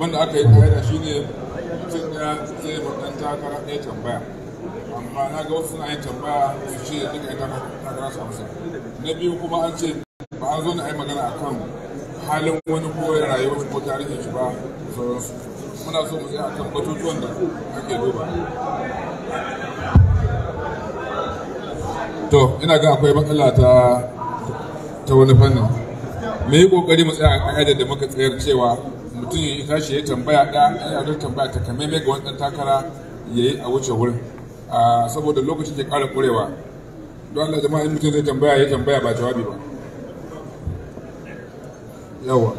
abinda aka yi tare da shi ne mutum ya zai yi takara ɗaya tambaya amma na ga wasu suna yin tambaya su ce duka ita takara su amsa na biyu kuma an ce ba an zo na yi magana a kan halin wani koyar rayuwar ko tarihin shi ba sauransu muna so mu tsaya a kan batutuwan da ake duba to ina ga akwai matsala ta ta wani fannin me yi kokari mu tsaya a ƙa'idar da muka tsayar cewa mutum ya tashi ya tambaya ɗaya ya don tambaya ta kame mai ga wancan takara ya yi a wuce wurin saboda lokacin ke ƙara ƙurewa don Allah jama'a in mutum zai tambaya ya tambaya ba jawabi ba yawa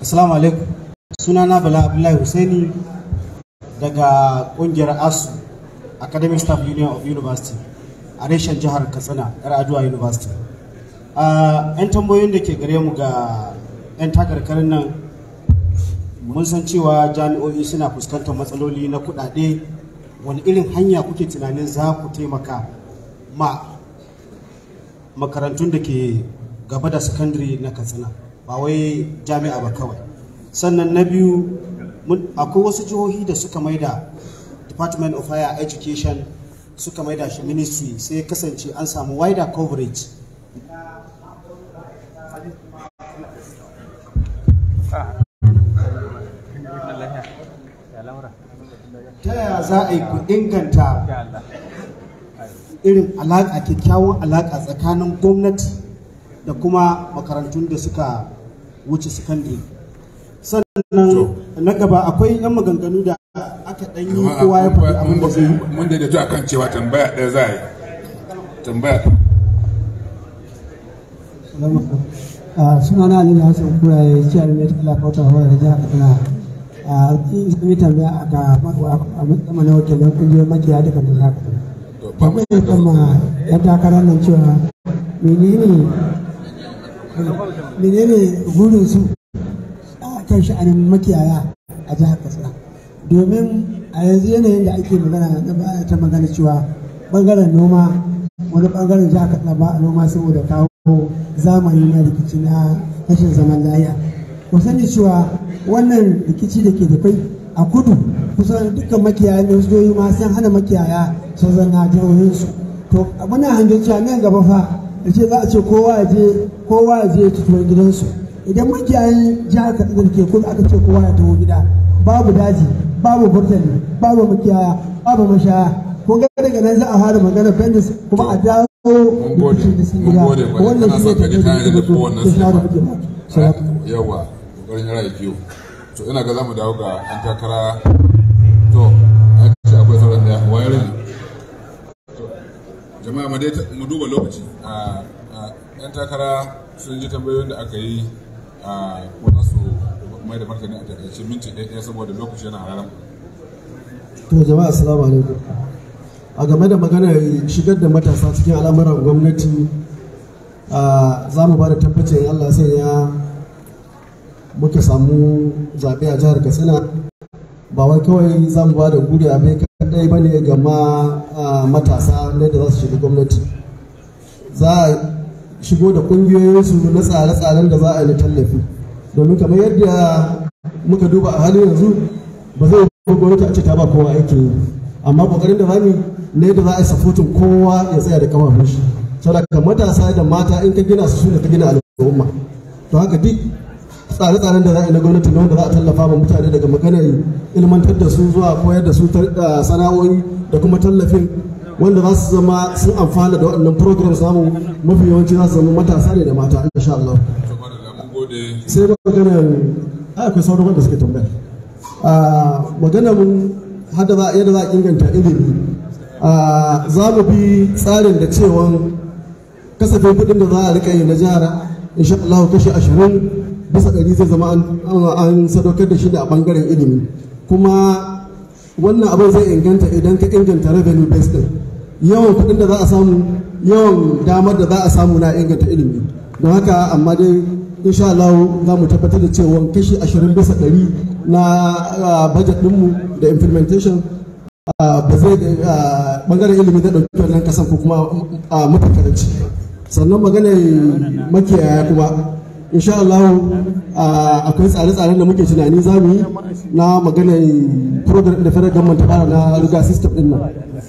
assalamu alaikum suna na bala abdullahi husaini daga ƙungiyar asu academic staff union of university a reshen jihar katsina yar aduwa university yan tambayoyin da ke gare mu ga yan takarkarin nan mun san cewa jami'o'i suna fuskantar matsaloli na kuɗaɗe wani irin hanya kuke tunanin za ku taimaka ma makarantun da ke gaba da sakandare na katsina ba wai jami'a ba kawai sannan na biyu akwai wasu jihohi da suka maida department of higher education suka maida shi ministry sai kasance an samu wider coverage ah. ta yaya za a yi ku inganta irin alaƙa kyakkyawan alaƙa tsakanin gwamnati da kuma makarantun da suka wuce sakandare sannan na gaba akwai yan maganganu da aka ɗan yi kowa ya faɗi abin da zai mun da zuwa kan cewa tambaya ɗaya za a yi tambaya na na alina hasan kura ya yi ciyar mai tallafa wata hawa da jihar kaduna sun yi tambaya a ga matsama na wakilan kungiyar makiya daga nuna tambayar kama yan takarar nan cewa menene menene burin su a kan sha'anin makiyaya a jihar katsina domin a yanzu yanayin da ake magana na baya ta magana cewa bangaren noma wani bangaren jihar katsina ba a noma saboda kawo zamani na rikici na rashin zaman lafiya ku sani cewa wannan rikici da ke da kai a kudu kusan dukkan makiyaya ne wasu ma sun hana makiyaya sun zanna su to muna hangen cewa nan gaba fa da ce za a ce kowa ya je kowa ya je tutuwar gidansu idan makiyayin jihar katsina da ke kudu aka ce kowa ya taho gida babu daji babu burtali babu makiyaya babu mashaya ko ga daga nan za a fara magana fendis kuma a dawo rikicin da sun gida wannan shi ne ta kai da kuma da shi ne ta ƙoƙarin yana da biyu to ina ga zamu dawo ga an takara to an ce akwai sauran da wayar ne jama'a ma dai mu duba lokaci a yan takara sun ji tambayoyin da aka yi a kuma su mai da martani a takaice minti ɗaya saboda lokaci yana hararan to jama'a assalamu alaikum a game da maganar shigar da matasa cikin al'amuran gwamnati za mu ba da tabbacin allah sai ya muka samu zaɓe a jihar katsina ba wai kawai za mu ba da guri a mai kaɗai ba ne ga matasa na da za su shiga gwamnati za a shigo da ƙungiyoyinsu na tsare-tsaren da za a yi na tallafi domin kamar yadda muka duba a halin yanzu ba zai gwamnati a ce ta ba kowa aikin yi amma ƙoƙarin da rami ne da za a yi safotin kowa ya tsaya da kamar shi saboda matasa da mata in ka gina su ne ka gina al'umma to haka duk tsare-tsaren da za a yi na gwamnati na wanda za a tallafa ma mutane daga maganar ilmantar da su zuwa koyar da su sana'o'i da kuma tallafin wanda za su zama sun amfana da waɗannan program samu mafi yawanci za su zama matasa ne da mata sha Allah sai maganar akwai sauran wanda suke tambaya maganar hada yadda za a inganta ilimi za mu bi tsarin da cewa kasafin kuɗin da za a rika yi na jihar insha Allah kashi ashirin bisa ɗari zai zama an sadaukar da shi da a ɓangaren ilimi kuma wannan abin zai inganta idan ka inganta revenue based din yawan kuɗin da za a samu yawan damar da za a samu na inganta ilimi don haka amma dai insha Allah za mu tabbatar da cewa kashi 20 bisa ɗari na budget dinmu da implementation ba zai bangaren ilimi da ɗauki wannan kasan ko kuma mutakarci karanci sannan maganar makiyaya kuma insha Allah akwai tsare-tsaren da muke tunani za mu yi na maganar program da fara government ta fara na riga system din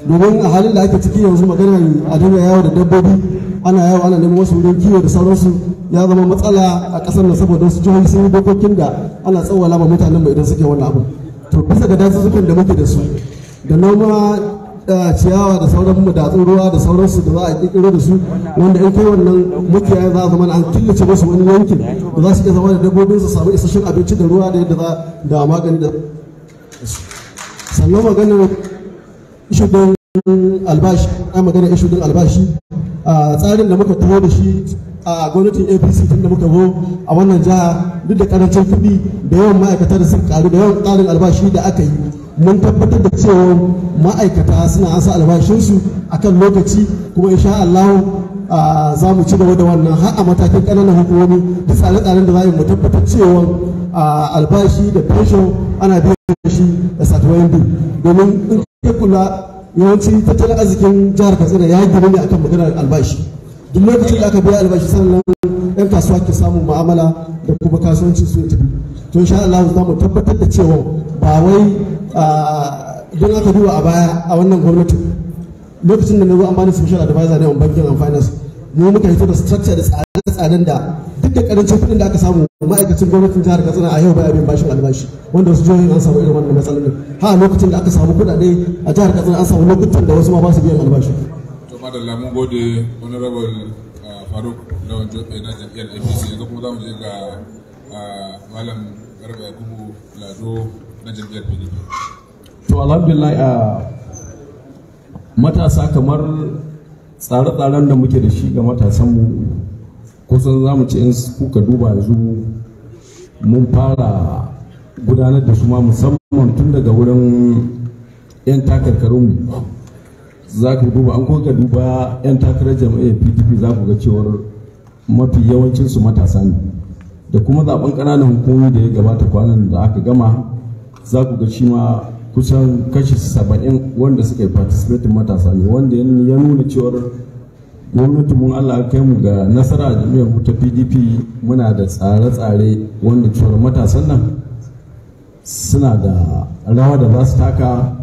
nan domin a halin da ake ciki yanzu maganar a dinga yawo da dabbobi ana yawo ana neman wasu wurin kiwo da sauransu ya zama matsala a kasar nan saboda su jihohi sun yi dokokin da ana tsawala ma mutanen mu idan suke wannan abu to bisa ga dazuzzukan da muke da su da noma ciyawa da sauran madatsun ruwa da sauransu da za a kirkiro da su wanda in kai wannan mukiyaya za a zama an killace musu wani yankin da za su iya zama da dabbobin su samu isasshen abinci da ruwa da yadda za da magani da sannan maganar ishudin albashi a maganar ishudin albashi a tsarin da muka taho da shi a gwamnatin apc tun da muka zo a wannan jiha duk da karancin kuɗi da yawan ma'aikata da sun karu da yawan tsarin albashi da aka yi mun tabbatar da cewa ma'aikata suna asa albashinsu a kan lokaci kuma insha Allah za mu ci gaba da wannan har a matakin ƙananan hukumomi da tsare-tsaren da za mu tabbatar cewa albashi da pension ana biyan shi da satuwayin bi domin in ka kula yawanci tattalin arzikin jihar katsina ya gina ne akan maganar albashi duk lokacin da aka biya albashi sannan yan kasuwa ke samun mu'amala da kuma kasuwanci su tafi to insha Allah za mu tabbatar da cewa ba wai don aka duba a baya a wannan gwamnati lokacin da na zo an bani special advisor ne on banking and finance ne muka fito da structure da tsare-tsaren da duk da karancin kuɗin da aka samu ma'aikacin gwamnatin jihar katsina a yau baya bin bashin albashi wanda wasu jihohin an samu irin wannan matsalolin ha lokacin da aka samu kuɗaɗe a jihar katsina an samu lokutan da wasu ma ba su biyan albashi. to madalla mun gode honorable faruk lawan jobe na jam'iyyar apc yanzu kuma za mu je ga malam garba yakubu lado na jam'iyyar pdp to alhamdulillah matasa kamar tsare-tsaren da muke da shi ga matasanmu kusan za mu ci in kuka duba yanzu mun fara gudanar da su ma musamman tun daga wurin 'yan takarkarunmu za ku duba an kuka duba 'yan takarar jam'iyyar pdp za ku ga cewar mafi yawancinsu matasa ne da kuma zaben ƙananan hukumomi da ya gabata kwanan da aka gama za ku ga shi ma kusan kashi saba'in wanda suka yi participating matasa ne wanda ya nuna cewar gwamnati mun allah kai mu ga nasara da mu ta pdp muna da tsare-tsare wanda cewar matasan nan suna da rawa da za su taka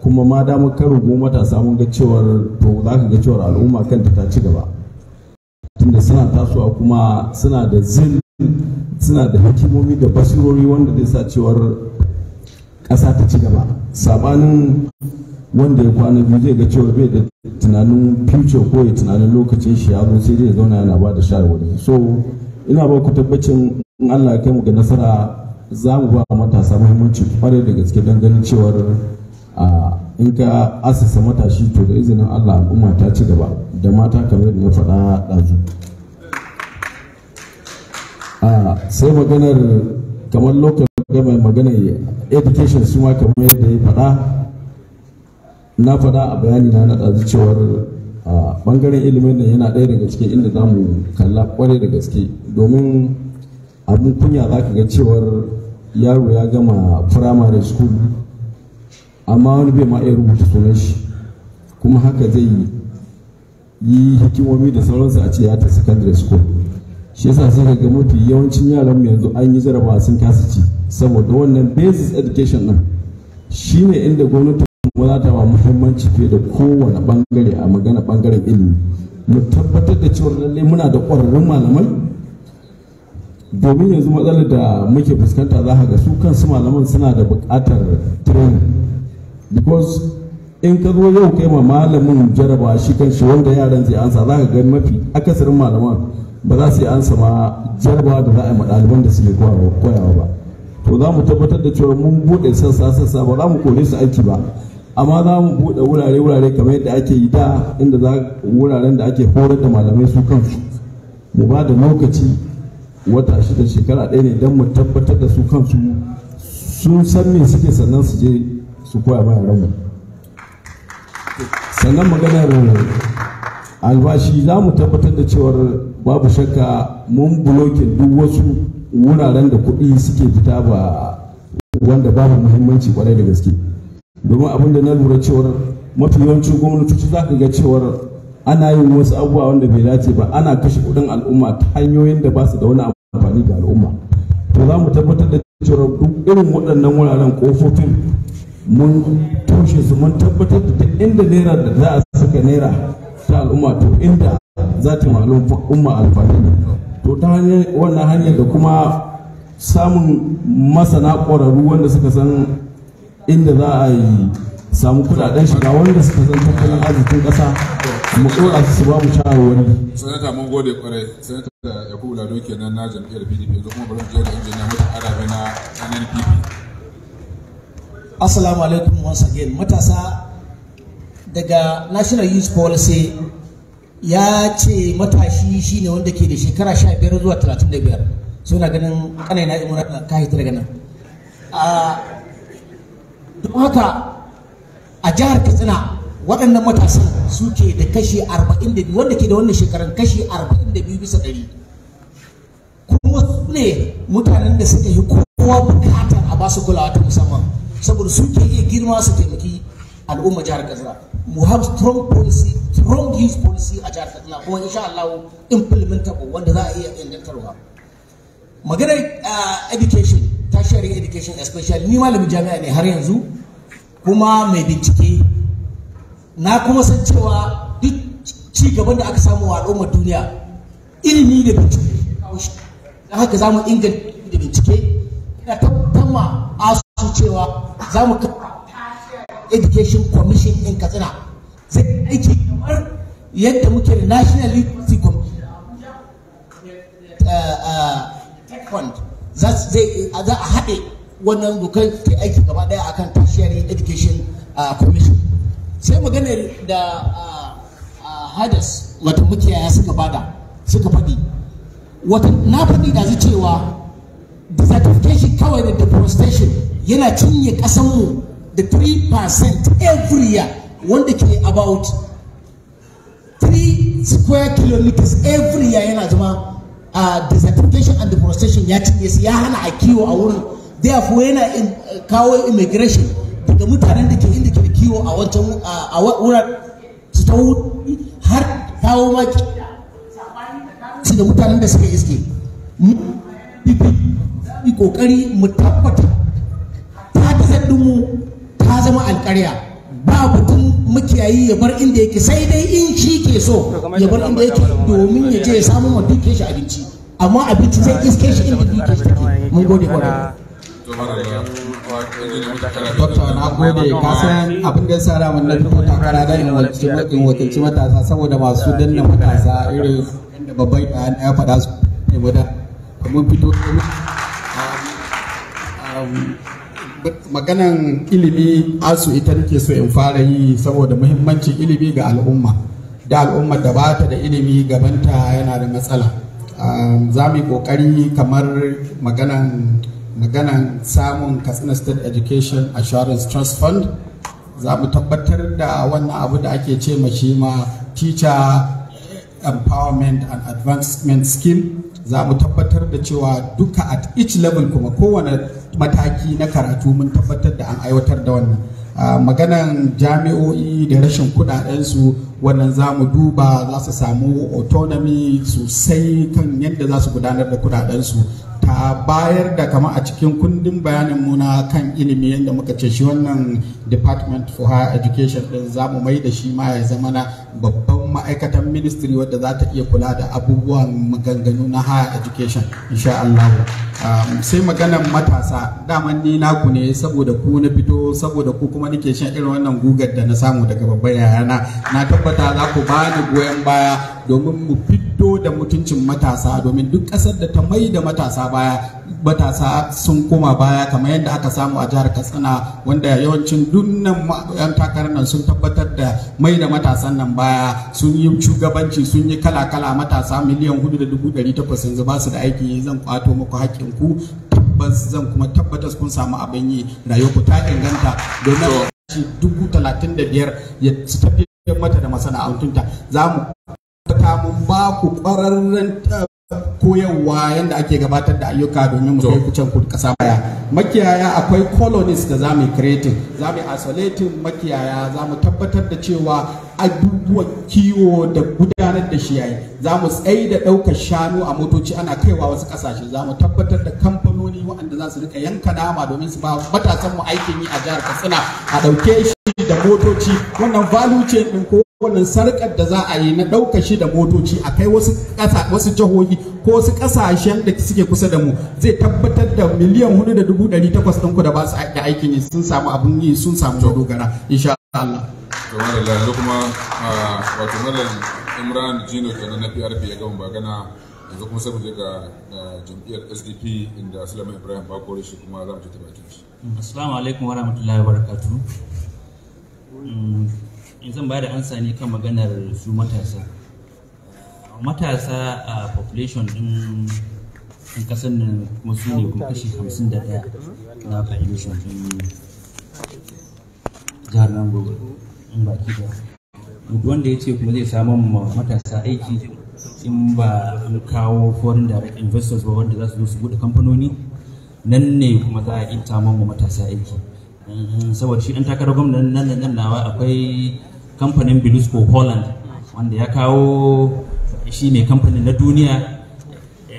kuma ma damar karo matasa mun ga cewar to za ka ga cewar al'umma kanta ta ci gaba tunda suna tasowa kuma suna da zin suna da hikimomi da basirori wanda zai sa cewar ƙasa ta ci gaba sabanin wanda ya kwana biyu zai ga cewa bai da tunanin future ko ya tunanin lokacin shi ya sai zai zauna yana ba da shawarwari so ina ba ku tabbacin in Allah ya kai mu ga nasara za mu ba matasa muhimmanci kwarai da gaske don ganin cewar ah, in ka asasa matashi to da izinin Allah al'umma ta ci gaba da mata kamar da ya faɗa ɗazu sai maganar kamar lokacin mai maganar education su ma kamar yadda ya faɗa na faɗa a bayani na ɗazu cewar ɓangaren ilimin nan yana ɗaya daga cikin inda za mu kalla ƙwarai da gaske domin abin kunya za ka ga cewar yaro ya gama primary school amma wani bai ma iya rubuta sunan shi kuma haka zai yi yi hikimomi da sauransu a ce ya ta secondary school shi yasa sai ga mafi yawancin yaran yanzu an yi jarabawa sun kasa ci saboda wannan basis education din shine inda gwamnati za ta ba muhimmanci fiye da kowane bangare a magana bangaren ilimi mu tabbatar da cewa lallai muna da ƙwararrun malamai domin yanzu matsalar da muke fuskanta za ga su kansu malaman suna da buƙatar training because in ka zo yau kai ma malamin jaraba shi kan shi wanda yaran zai ansa za ka ga mafi akasarin malaman ba za su yi ansa ma jaraba da za a yi ma ɗaliban da su suke koyawa ba to za mu tabbatar da cewa mun buɗe sassa sassa ba za mu kore su aiki ba amma za mu buɗe wurare wurare kamar yadda ake yi da inda za wuraren da ake horar da malamai su kansu mu ba da lokaci wata shida shekara ɗaya ne don mu tabbatar da su kansu sun san me suke sannan su je su koya ba yaranmu sannan maganar albashi za mu tabbatar da cewar babu shakka mun bulokin duk wasu wuraren da kuɗi suke fita ba wanda babu muhimmanci kwarai da gaske domin abin da na lura cewar mafi yawancin gwamnatoci za ka ga cewar ana yin wasu abubuwa wanda bai dace ba ana kashe kuɗin al'umma ta hanyoyin da ba su da wani amfani ga al'umma to za mu tabbatar da cewar duk irin waɗannan wuraren kofofin mun toshe su mun tabbatar da duk inda naira da za a saka naira ta al'umma to inda za ta ma umma alfahim to ta hanyar wannan hanyar da kuma samun masana ƙwararru wanda suka san inda za a yi samu kudaden shiga wanda suka san tattalin arzikin ƙasa mu tsora su ba mu wani. sanata mun gode kwarai sanata yakubu lado kenan na jam'iyyar pdp yanzu kuma bari mu je da injiniya mutu arabe na nnpp assalamu alaikum once again matasa daga national youth policy ya ce matashi shine wanda ke da shekara 15 zuwa 35 suna ganin kanai na imura da kahita daga nan don haka a jihar katsina waɗannan matasan suke da kashi biyu wanda ke da wannan shekarun kashi da biyu bisa 100 kuma su ne mutanen da suka yi kowa bukatar a basu kulawa ta musamman saboda su ke iya girma su taimaki al'umma jihar Katsina mu have strong policy strong youth policy a jihar Katsina kuma insha Allah implementable wanda za a iya ingantarwa magana eh, education tertiary education especially ni malamin jami'a ne har yanzu kuma mai bincike na kuma san cewa duk ci gaban da aka samu a al'ummar duniya ilimi da bincike na haka za mu inganta da bincike ina tabbatar ma su cewa za mu kafa education commission ɗin katsina zai aiki kamar yadda muke da national literacy commission eh, eh, fund za a haɗe wannan dokar ke aiki gaba ɗaya akan tertiary education eh, commission sai maganar da hadas wata mukiyaya suka bada suka faɗi wata na faɗi da cewa desertification kawai da deforestation yana cinye ƙasanmu da 3% every year wanda ke about 3 square kilometers every year yana zama a desertification and deforestation ya cinye su ya hana a kiwo a wurin therefore yana kawo immigration daga mutanen da ke inda ke kiwo a wancan a wurin su ta har kawo maki su da mutanen da suka iske mu kokari mu tabbatar kasar ɗinmu ta zama alƙarya ba batun makiyayi ya bar inda yake sai dai in shi ke so ya bar inda yake domin ya je ya samu wa duke shi abinci amma abinci zai iske shi inda duke shi take mun gode kwarai Dokta na gode ka san abin da yasa da wannan fito takara da in wakilci matasa saboda masu danna matasa irin inda babban ɗayan ya faɗa su ne mu da mun fito um, um, maganan ilimi asu ita nake so in fara yi saboda muhimmancin ilimi ga al'umma da al'umma da ba ta da ilimi gabanta yana da matsala za mu yi kokari kamar maganan samun katsina state education assurance trust fund za mu tabbatar da wannan abu da ake ce ma shi ma teacher empowerment and advancement scheme za mu tabbatar da cewa duka at each level kuma kowane mataki na karatu mun tabbatar da an aiwatar da wannan maganan jami'o'i da rashin kudadensu wannan za mu duba za su samu autonomy sosai kan yadda za su gudanar da kudadensu ta bayar da kama a cikin kundin bayanin mu na kan ilimi yadda muka ce shi wannan department for higher education din za mu mai da shi ma ya zama na babban ma'aikatan ministry wadda za ta iya kula da abubuwan maganganu na higher education insha Allah um, sai maganan matasa daman ni naku ne saboda ku na fito saboda ku kuma nake shan irin wannan gugar da na samu daga babban yayana na tabbata za ku bani goyon baya domin mu fito fito da mutuncin matasa domin duk ƙasar da ta mai da matasa baya matasa sun koma baya kamar yadda aka samu a jihar katsina wanda yawancin dunnan yan takarar nan sun tabbatar da mai da matasan nan baya sun yi shugabanci sun yi kala-kala matasa miliyan hudu da dubu ɗari takwas yanzu ba su da aiki zan kwato muku hakinku tabbas zan kuma tabbatar kun samu abin yi rayuwar ku ta inganta domin dubu talatin da biyar ya tafi mata da masana'antunta za mu taimaka ba ku ƙwararren koyarwa yadda ake gabatar da ayyuka domin mu kai kucin kudu kasa baya makiyaya akwai colonies da za mu creating za mu isolating makiyaya za mu tabbatar da cewa abubuwan kiwo da gudanar da shi yayi za mu tsaye da ɗaukar shanu a motoci ana kaiwa wasu ƙasashe za mu tabbatar da kamfanoni waɗanda za su rika yanka nama domin su ba matasan mu aikin yi a jihar katsina a ɗauke shi da motoci wannan value chain ɗin ko wannan sarƙar da za a yi na ɗaukar shi da motoci a kai wasu ƙasa wasu jihohi ko wasu ƙasashen da suke kusa da mu zai tabbatar da miliyan hudu da dubu ɗari takwas ɗin ku da ba su da aikin yi sun samu abun yi sun samu dogara insha Allah. kamar da yanzu kuma wato malam imran jino kenan na prp ya gama magana yanzu kuma sai ga jam'iyyar sdp inda sulaiman ibrahim bakore shi kuma za mu je ta bakin shi assalamu alaikum wa rahmatullahi wa barakatuh mm, zan ba da ansa ne kan maganar su matasa matasa a population din in kasar nan kuma su ne kuma kashi hamsin da 51 na population din jihar nan gobe in baki da wanda ya ce kuma zai samu matasa aiki in ba an kawo foreign direct investors ba wanda za su zo su buɗe kamfanoni nan ne kuma za a inta mu matasa aiki mm, saboda shi ɗan takarar gwamnan nan nan nawa akwai kamfanin bilisco Holland wanda ya kawo shi mai kamfanin na duniya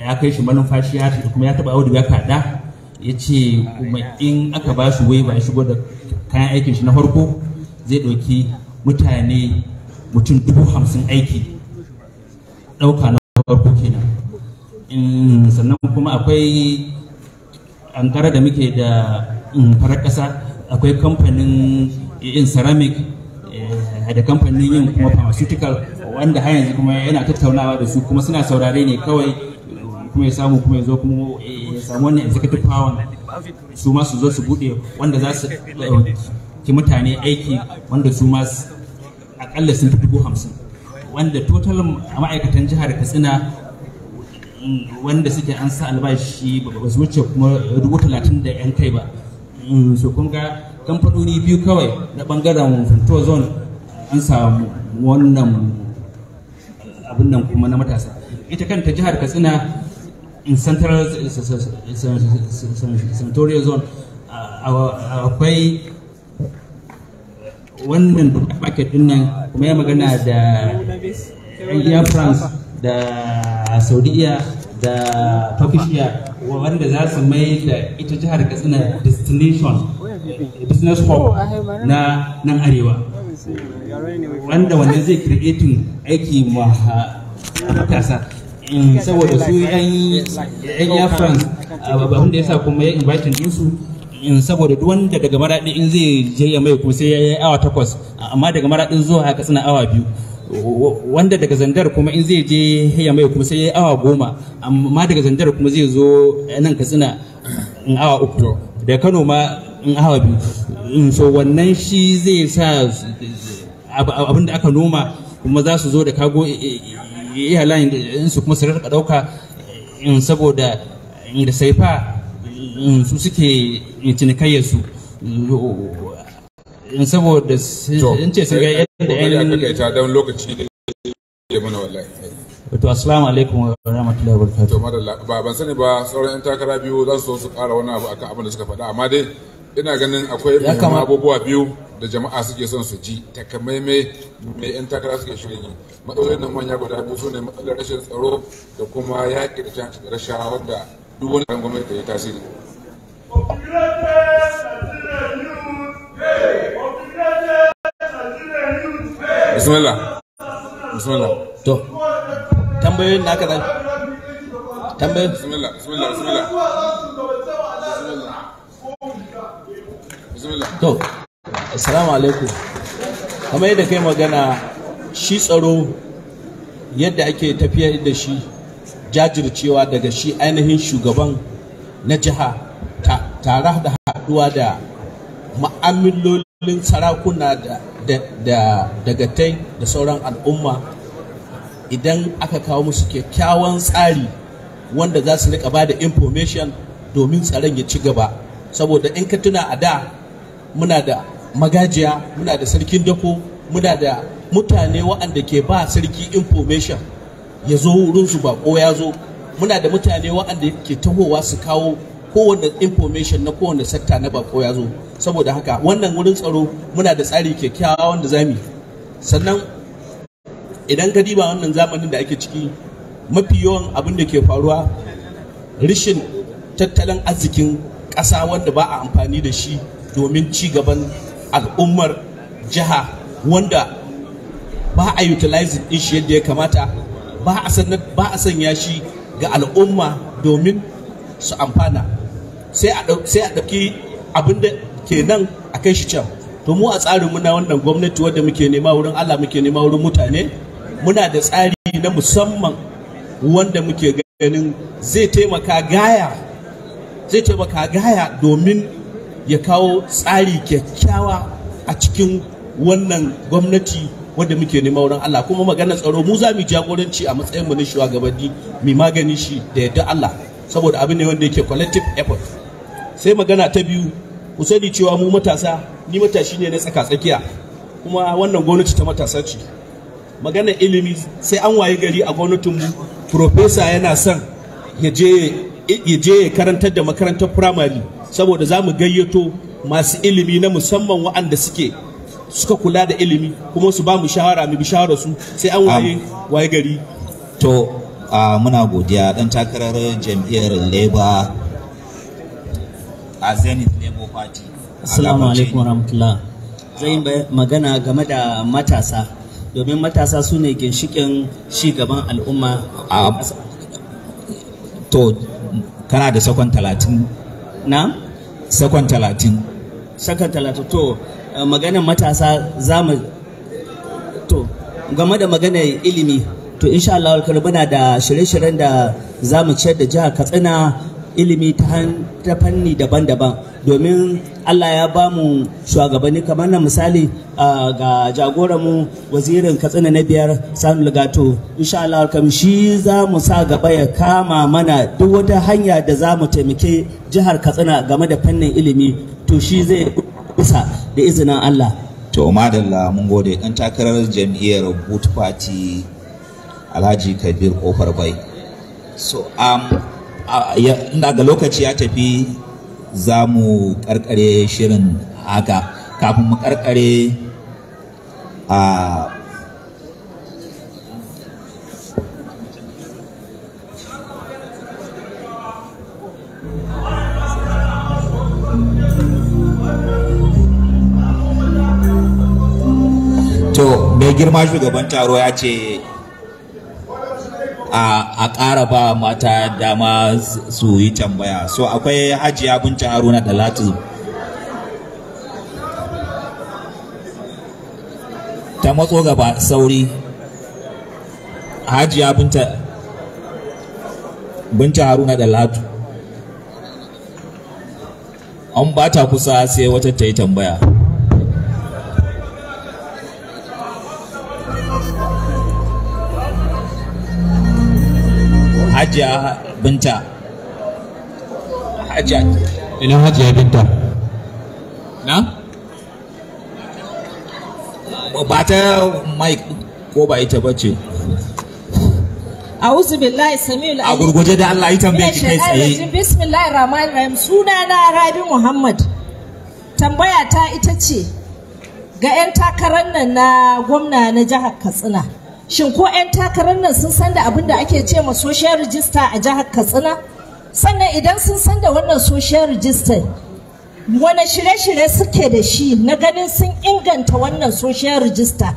ya kai shi malumfashi ya kuma ya taɓa auduga kaɗa ya ce kuma in aka ba shi waiva ya shigo da kayan aikin shi na farko zai ɗauki mutane mutum dubu hamsin aiki ɗauka na farko kenan sannan kuma akwai ankara da muke da mm, farar ƙasa akwai kamfanin eh, yin ceramic eh, da kamfanin yin kuma pharmaceutical wanda har yanzu kuma yana tattaunawa da su kuma suna saurare ne kawai kuma ya samu kuma ya zo kuma eh, ya samu wannan executive power su ma su zo su buɗe wanda za su ki mutane aiki wanda su ma akalla sun fi dubu hamsin wanda total ma'aikatan jihar katsina wanda suke an sa albashi ba su wuce kuma dubu talatin da yan kai ba so kun ga kamfanoni biyu kawai na bangaren finto zone an samu wannan abin nan kuma na matasa ita kanta jihar katsina in central senatorial zone akwai wannan paket din nan kuma ya magana da Air france da saudiya da pakishiya wanda za su mai da ita jihar katsina destination business hub na nan arewa wanda wanda zai creating aiki ma matasa mm, saboda su yan Air france babban da ya sa kuma ya invite ɗinsu in saboda duk wanda daga maradin in zai je ya mai kuma sai ya yi awa takwas amma daga maradin zuwa haka suna awa biyu wanda daga zandar kuma in zai je ya mai kuma sai ya yi awa goma amma daga zandar kuma zai zo nan katsina in awa uku da kano ma in awa biyu so wannan shi zai sa abin da aka noma kuma za su zo da kago eh, eh, eh, iya layin su kuma su rika dauka in saboda da saifa Mm, su suke cinikayyar mm, su saboda sun ce sun ga yadda yan ta don lokaci da ya mana wallahi to assalamu alaikum wa rahmatullahi wa barakatuh to madalla ba ban sani ba sauran yan takara biyu za su so su ƙara wani abu akan abin da suka faɗa amma dai ina ganin akwai abubuwa biyu da jama'a suke son su ji takamaimai mai yan takara suke shirin yi matsalolin nan manya guda biyu su ne matsalar rashin tsaro da kuma yaƙi da rashawa wanda duk wani gwamnati da ya tasiri bismillah bismillah to tambayoyin naka zai tambayoyin bismillah bismillah bismillah bismillah to assalamu alaikum kamar yadda kai magana shi tsaro yadda ake tafiyar da shi jajircewa daga shi ainihin shugaban na jiha tare da haɗuwa da ma'amilolin sarakuna da dagatai da sauran al'umma idan aka kawo musu kyakkyawan tsari wanda za su rika ba da information domin tsaron ya ci gaba saboda in ka tuna a da muna da magajiya muna da sarkin dako muna da mutane waɗanda ke ba sarki information ya zo wurinsu ba ko ya zo muna da mutane waɗanda ke tahowa su kawo kowane information na kowane sekta na bako ya zo saboda haka wannan wurin tsaro muna da tsari kyakkyawa wanda zamu sannan idan ka diba wannan zamanin da ake ciki mafi yawan abin da ke faruwa rishin tattalin arzikin ƙasa wanda ba a amfani da shi domin ci gaban al'ummar jiha wanda ba a utilizing din shi yadda ya kamata ba a sanya shi ga al'umma domin su amfana sai a ɗauki abin da ke nan a kai shi can to mu a tsarin muna wannan gwamnati wadda muke nema wurin Allah muke nema wurin mutane muna da tsari na musamman wanda muke ganin zai taimaka gaya zai taimaka gaya domin ya kawo tsari kyakkyawa a cikin wannan gwamnati wanda muke nema wurin Allah kuma maganar tsaro mu za mu jagoranci a matsayin mu na shugabanni mu magani shi da yadda Allah saboda abin ne wanda yake collective effort sai magana ta biyu ku sani cewa mu matasa ni matashi ne na tsaka tsakiya kuma wannan gwamnati ta matasa ce magana ilimi sai an waye gari a gwamnatin mu. profesa yana son ya je ya karantar da makarantar firamare saboda za mu gayyato masu ilimi na musamman waɗanda suke suka kula da ilimi kuma su ba mu shawara mu bi shawara su sai an waye waye gari to muna godiya dan takarar jam'iyyar labour a zenith labour party assalamu alaikum warahmatullah ah. zai magana game da matasa domin matasa su ne ginshikin gaban al'umma A ah. to kana da sakon talatin na sakon talatin sakon talatin to eh, maganar matasa za mu to game da maganar ilimi to insha Allah muna da shirye-shiryen da za mu ciyar da jihar Katsina ilimi ta fanni daban-daban domin Allah ya ba mu shugabanni kamar na misali ga jagoranmu wazirin katsina na biyar sanu lagato insha Allah kam shi za mu sa gaba ya kama mana duk wata hanya da za mu taimake jihar katsina game da fannin ilimi to shi zai isa da izinin Allah to madalla mun gode dan takarar jam'iyyar boot party Alhaji Kabir Kofar Bai so um, ina ga lokaci ya tafi za mu karkare shirin haka kafin mu karkare a to mai girma shugaban taro ya ce a ƙara ba mata dama su yi tambaya so akwai hajiya binta haruna da latu ta matso gaba sauri hajiya binta haruna da latu an ba ta kusa sai wata ta yi tambaya hajiya binta hajiya ina hajiya binta na ba ta mike ko ba ita ba ce A'udhu billahi samiul alim. A gurguje da Allah yi tambaye ki kai tsaye. Bismillahir rahmanir rahim. Sunana Rabi Muhammad. Tambaya ta ita ce ga 'yan takarar nan na gwamna na jihar Katsina. shin ko 'yan takarar nan sun san da abin da ake ce ma social register a jihar katsina sannan idan sun san da wannan social register wani shirye-shirye suke da shi na ganin sun inganta wannan social register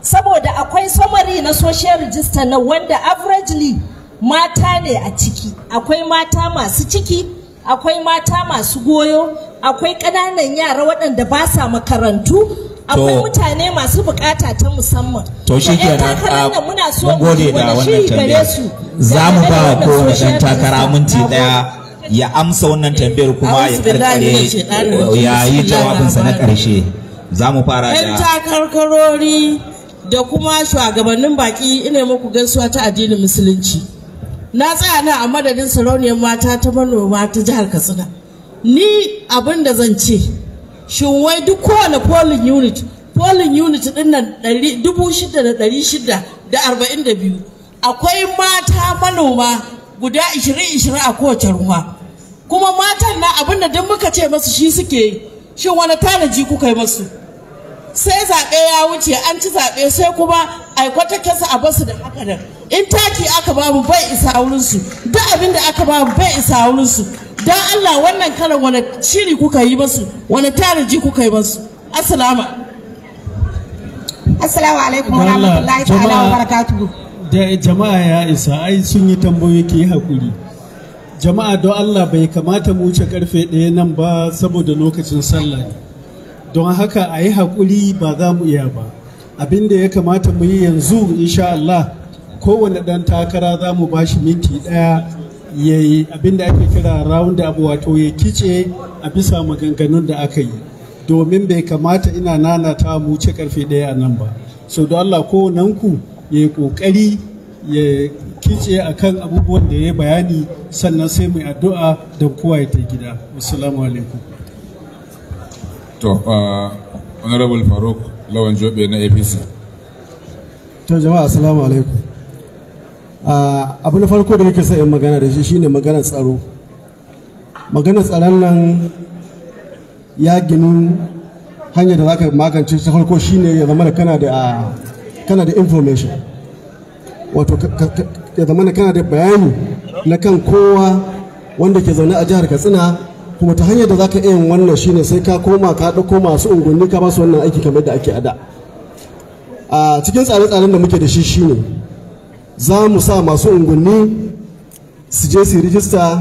saboda akwai summary na social register na wanda averagely mata ne a ciki akwai mata masu ciki akwai mata masu goyo akwai ƙananan yara waɗanda ba sa makarantu akwai mutane masu bukata ta musamman to shi kenan muna so mu gode da wannan tambayar. za mu ba kowane dan takara minti daya ya amsa wannan tambayar kuma ya karkare ya yi jawabinsa na karshe za mu fara da yan takarkarori da kuma shugabannin baki ina muku gaisuwa ta addinin musulunci na tsaya na a madadin sarauniyar mata ta manoma ta jihar katsina ni abin da zan ce shin wai duk kowane polling unit polling unit din nan 6,642 akwai mata manoma guda 20-20 a kowace ruwa kuma matan na abin da duk muka ce masu shi suke yi shin wani tanaji kuka yi masu sai zaɓe ya wuce an ci zaɓe sai kuma aikwata kasa a basu da haka in taki aka babu bai isa wurinsu duk abinda aka babu bai isa wurinsu dan Allah wannan karan wani shiri kuka yi basu wani taraji kuka yi basu assalama assalamu alaikum wa rahmatullahi ta'ala wa barakatuhu jama'a ya isa ai sun yi tambayoyi ke hakuri jama'a don Allah bai kamata mu wuce karfe ɗaya nan ba saboda lokacin sallah don haka a yi haƙuri ba za mu iya ba abin da ya kamata mu yi yanzu insha Allah kowane ɗan takara za mu ba minti ɗaya ya yi abinda ake kira round up wato ya kice a bisa maganganun da aka yi domin bai kamata ina nana mu ce karfe ɗaya a nan ba so don allah ko ku ya yi ƙoƙari ya kice a kan abubuwan da ya bayani sannan sai mai addu'a don kowa ya ta gida assalamu alaikum to uh, honorable faruk lawan jobe na apc to jama'a assalamu alaikum Ah, abu na farko da nake sa in magana da shi shine maganar tsaro maganar tsaron nan ya ginu hanyar da za ka magance ta farko shine ya zama da kana da kana da information wato ya zama da kana da bayani na kan kowa wanda ke zaune a jihar katsina kuma ta hanyar da za ka yin wannan shine sai ka koma ka ɗauko masu unguwanni ka ba su wannan aiki kamar da ake ah, ada a cikin tsare-tsaren da muke da shi shine za mu sa masu unguwanni su je su rijista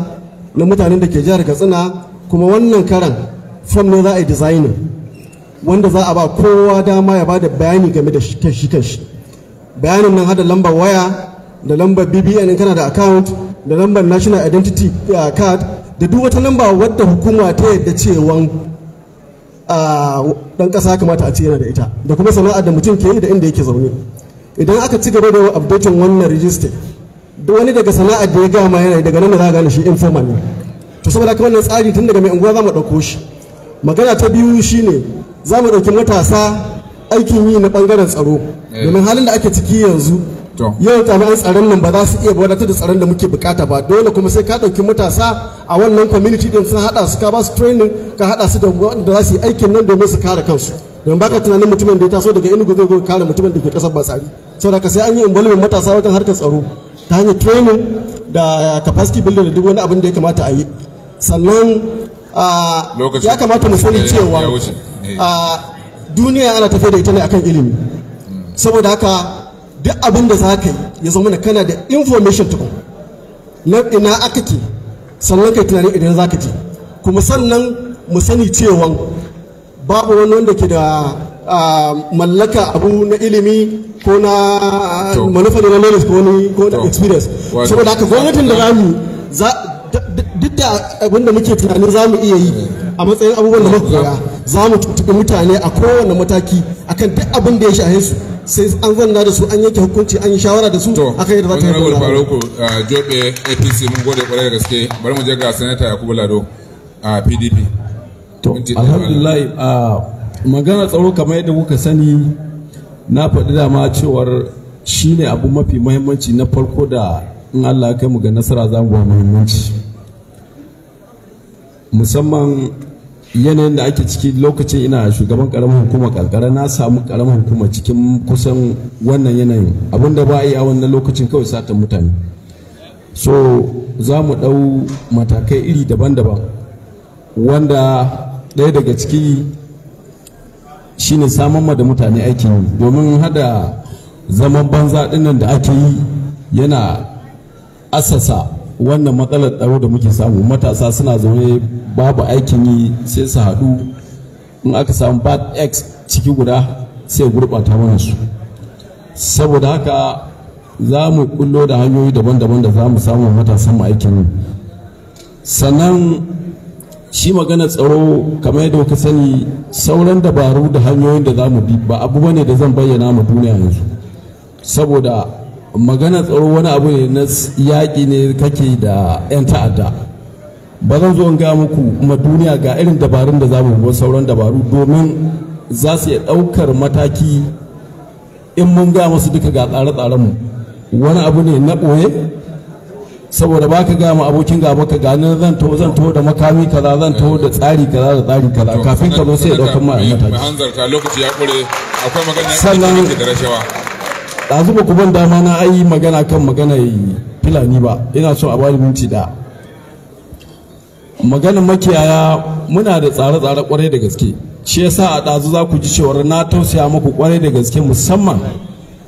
na mutanen da ke jihar katsina kuma wannan karan fom ne za a yi designing wanda za a ba kowa dama ya ba da bayani game da shi kanshi bayanin nan hada lambar waya da lambar bbn in kana da account da lambar national identity uh, card da duk wata lamba wadda hukuma ta yadda cewan dan uh, kasa kamata a ce yana da ita da kuma sana'ar da mutum ke yi da inda yake zaune idan aka ci gaba da updating wannan register duk wani daga sana'ar da ya gama yana daga nan da za a gane shi informal ne to saboda haka wannan tsari tun daga mai unguwa za mu ɗauko shi magana ta biyu shine za mu ɗauki matasa aikin yi na ɓangaren tsaro eh. domin halin da ake ciki yanzu yau jami'an tsaron nan ba za su iya wadatar da tsaron da muke bukata ba dole kuma sai ka ɗauki matasa a wannan community din sun haɗa su ka ba su training ka haɗa su da wanda za su yi aikin nan domin su kare kansu don baka tunanin mutumin da ya taso daga inugu zai kare mutumin da ke ƙasar basari saboda ka sai an yi involvement matasa wajen harkar tsaro ta hanyar training da eh, capacity building da duk wani abin da ya kamata a yi sannan ah, ya kamata mu sani cewa eh. ah, duniya ana tafiya da ita ne akan ilimi hmm. saboda haka duk abin da za ka yi ya zama da kana da information tukun na ina aka ke sannan kai tunanin idan za ka je kuma sannan mu sani cewa babu wani wanda ke da mallaka abu na ilimi ko na manufa na knowledge ko ni ko na experience saboda haka gwamnatin da zamu duk da abin da muke tunanin za mu iya yi a matsayin abubuwan da muka koya za mu tuntuɓi mutane a kowane mataki akan duk abin da ya shahe su sai an zanna da su an yanke hukunci an yi shawara da su akan yadda za ta yi wani faruku uh, jobe apc mun gode kwarai da gaske bari mu je ga senator yakubu lado a uh, pdp to alhamdulillah magana tsaro kamar yadda kuka sani na faɗi dama cewar shi ne abu mafi mahimmanci na farko da in allah kai mu ga nasara za mu ba mahimmanci musamman yanayin da ake ciki lokacin ina shugaban karamin hukuma kankara na samu karamin hukuma cikin kusan wannan yanayin abinda ba a yi a wannan lokacin kawai sata mutane so za mu ɗau matakai iri daban-daban wanda ɗaya daga ciki shine samar ma da mutane aikin yi domin hada zaman banza dinnan da ake yi yana asasa wannan matsalar tsaro da muke samu matasa suna zaune babu aikin yi sai su haɗu in aka samu bad x ciki guda sai gurɓata mana su saboda haka za mu kullo da hanyoyi daban-daban da za mu samu matasan mu aikin yi sannan shi magana tsaro kamar yadda kuka sani sauran dabaru da hanyoyin da za mu bi ba abu bane da zan bayyana mu duniya yanzu saboda magana tsaro wani abu ne na yaƙi ne kake da 'yan ta'adda ba zan zo in ga muku ma duniya ga irin dabarun da za mu bi sauran dabaru domin za su iya ɗaukar mataki in mun ga musu duka ga tsare-tsarenmu wani abu ne na ɓoye saboda ba ka gaya ma abokin gaba ka gani zan to zan to da makami kaza zan to da tsari kaza da tsari kaza kafin ka zo sai ya daukan mara mataki hanzarta lokaci ya kure akwai magana sannan da rashawa ɗazu ba ku ban dama na ayi magana kan magana filani ba ina so a bani minti da maganar makiyaya muna da tsare-tsare kwarai da gaske shi yasa a ɗazu za ku ji cewar na tausaya muku kwarai da gaske musamman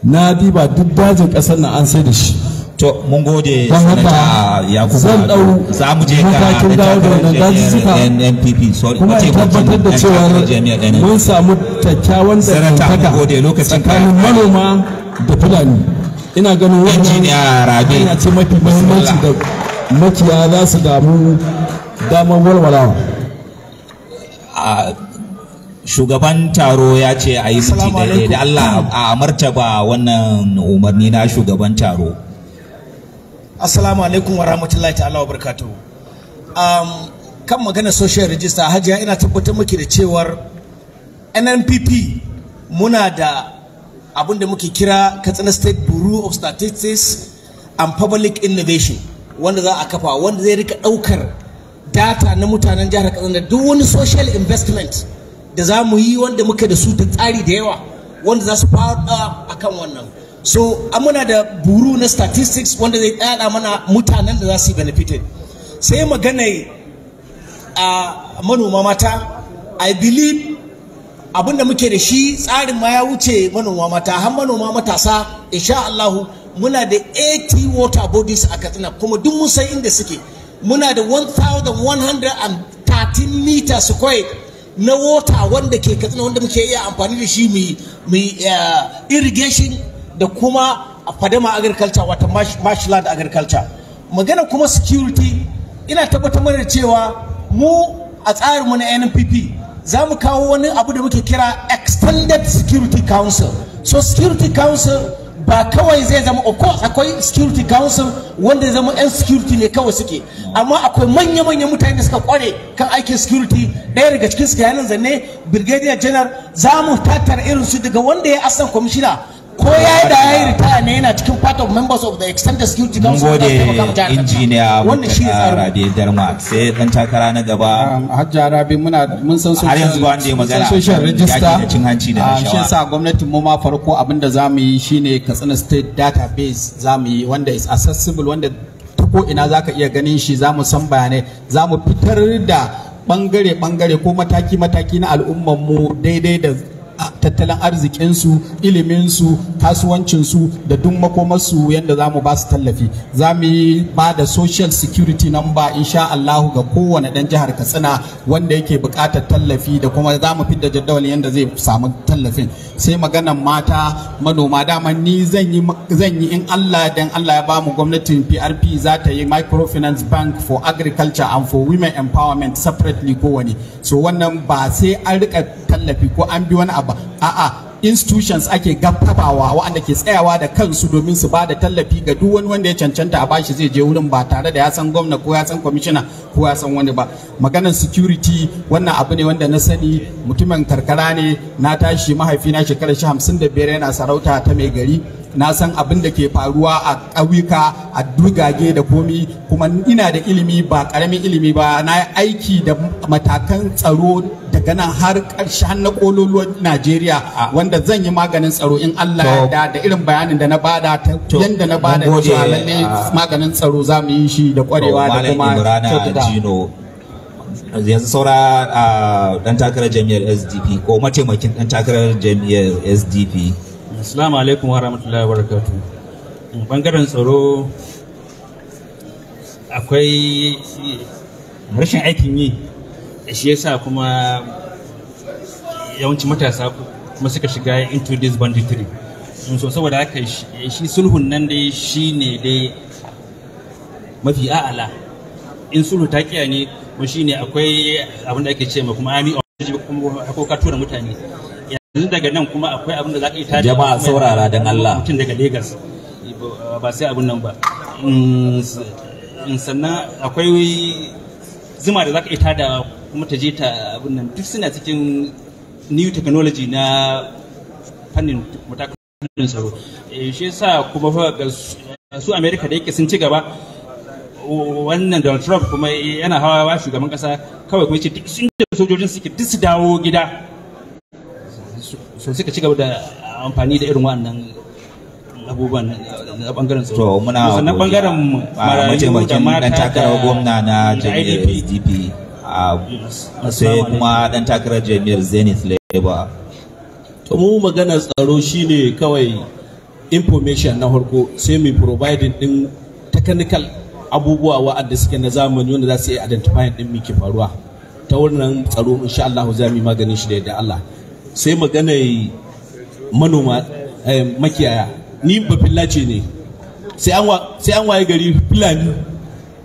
na diba duk dajin ƙasar na an sai da shi to mun gode sanata yakubu zan dau za mu je ga matakin dawo da wannan dazuzzuka NPP sorry kuma in tabbatar da cewa mun samu kyakkyawan dangantaka tsakanin manoma da fulani ina ganin wannan ina ce mafi muhimmanci da makiya za su damu damar walwalawa shugaban taro ya ce a yi siti da Allah a martaba wannan umarni na shugaban taro Assalamu alaikum wa rahmatullahi ta'ala wa barakatuhu. Um, kan magana social register hajiya ina tabbatar miki da cewar NNPP muna da abin da muke kira Katsina State Bureau of Statistics and Public Innovation wanda za a kafa wanda zai rika daukar data na mutanen jihar Katsina da duk wani social investment da za mu yi wanda muke da su da tsari da yawa wanda za su fara akan wannan. so muna da buru na statistics wanda zai tsada mana mutanen da za su yi benefited sai magana a manoma mata i believe abinda muke da shi tsarin ma ya wuce manoma mata har manoma matasa insha Allahu muna da 80 water bodies a katsina kuma duk mun san inda suke muna da 1113 mita square na water wanda ke katsina wanda muke iya amfani da shi mu eh, irrigation da kuma fadama agriculture wata marshland agriculture magana kuma security ina tabbatar mana cewa mu a tsarin tsarinmu na NPP za mu kawo wani abu da muke kira extended security council so security council ba kawai zai zama of akwai security council wanda zama yan security ne kawai suke amma akwai manya-manya mutane da suka kware kan aikin security ɗaya daga cikin su zanne brigadier general za mu tattara irin su daga wanda ya asan kwamishina ko ya yi da ya yi ritaya ne yana cikin part of members of the extended security council mun gode injiniya wannan shi rade darma sai dan takara na gaba um, hajji Rabi muna mun san social har yanzu ba wanda ya magana social register cin hanci da um, rashawa shi yasa gwamnati mu ma farko abin da zamu yi shine Katsina state database zamu yi wanda is accessible wanda ta ko ina zaka iya ganin shi zamu san bayanai zamu fitar da bangare bangare ko mataki mataki na al'ummar mu daidai da tattalin arzikinsu iliminsu kasuwancinsu da duk makomarsu yadda za mu ba su tallafi za mu yi ba da social security number insha Allah ga kowane dan jihar Katsina wanda yake buƙatar tallafi da kuma za mu fidda jadawalin yadda zai samu tallafin sai maganan mata manoma dama ni zan yi in Allah dan Allah ya ba mu gwamnatin PRP za ta yi microfinance bank for agriculture and for women empowerment separately kowane so wannan ba sai an rika tallafi ko an bi wani abu a'a institutions ake gaffafawa waɗanda ke tsayawa da kansu domin su ba da tallafi ga duk wani wanda ya cancanta a bashi zai je wurin ba tare da ya san gwamna ko ya san kwamishina ko ya san wani ba maganar security wannan abu ne wanda na sani mutumin karkara ne na tashi mahaifi na shekarar shi hamsin da biyar yana sarauta ta mai gari na san abin da ke faruwa a ƙauyuka a dugage da komi kuma ina da ilimi ba ƙaramin ilimi ba na aiki da matakan tsaro magana har ƙarshe har na ƙololuwar Najeriya wanda zan yi maganin tsaro in Allah ya da da irin bayanin da na bada ta yanda na bada cewa lalle maganin tsaro za mu yi shi da ƙwarewa da kuma Jino yanzu saura a dan takarar jami'ar sdp ko mataimakin dan takarar jami'ar sdp assalamu alaikum wa rahmatullahi wa barakatuh bangaren tsaro akwai rashin aikin yi shi yasa kuma yawanci matasa kuma suka shiga into this banditry so saboda haka shi sulhun nan dai shi ne dai mafi a'ala in sulhu ta kiya ne kuma shi ne akwai abin da ake ce ma kuma ami ko ka tura mutane yanzu daga nan kuma akwai abin da za ka yi tada jama'a saurara don Allah mutum daga Lagos ba sai abin nan ba mm, mm, sannan akwai zuma da za ka yi tada kuma ta je ta abin nan duk suna cikin new technology na fannin matakan sauro eh, shi yasa kuma su america da yake sun ci gaba wannan donald trump kuma yana hawa shugaban kasa kawai kuma ce duk sun da sojojin suke duk su dawo gida su suka ci gaba da amfani da irin wannan abubuwan na bangaren tsaro muna sannan bangaren marayu da mata da gwamna na jam'iyyar pdp sai kuma dan takarar jami'ar zenith labour to mu magana tsaro shine kawai information na harko sai mu providing din technical abubuwa wa'anda suke na zamani wanda za su yi identifying din miki faruwa ta wannan tsaro insha Allah za mu maganin shi da Allah sai magana manoma eh, makiyaya ni ba fillace ne sai an waye gari fulani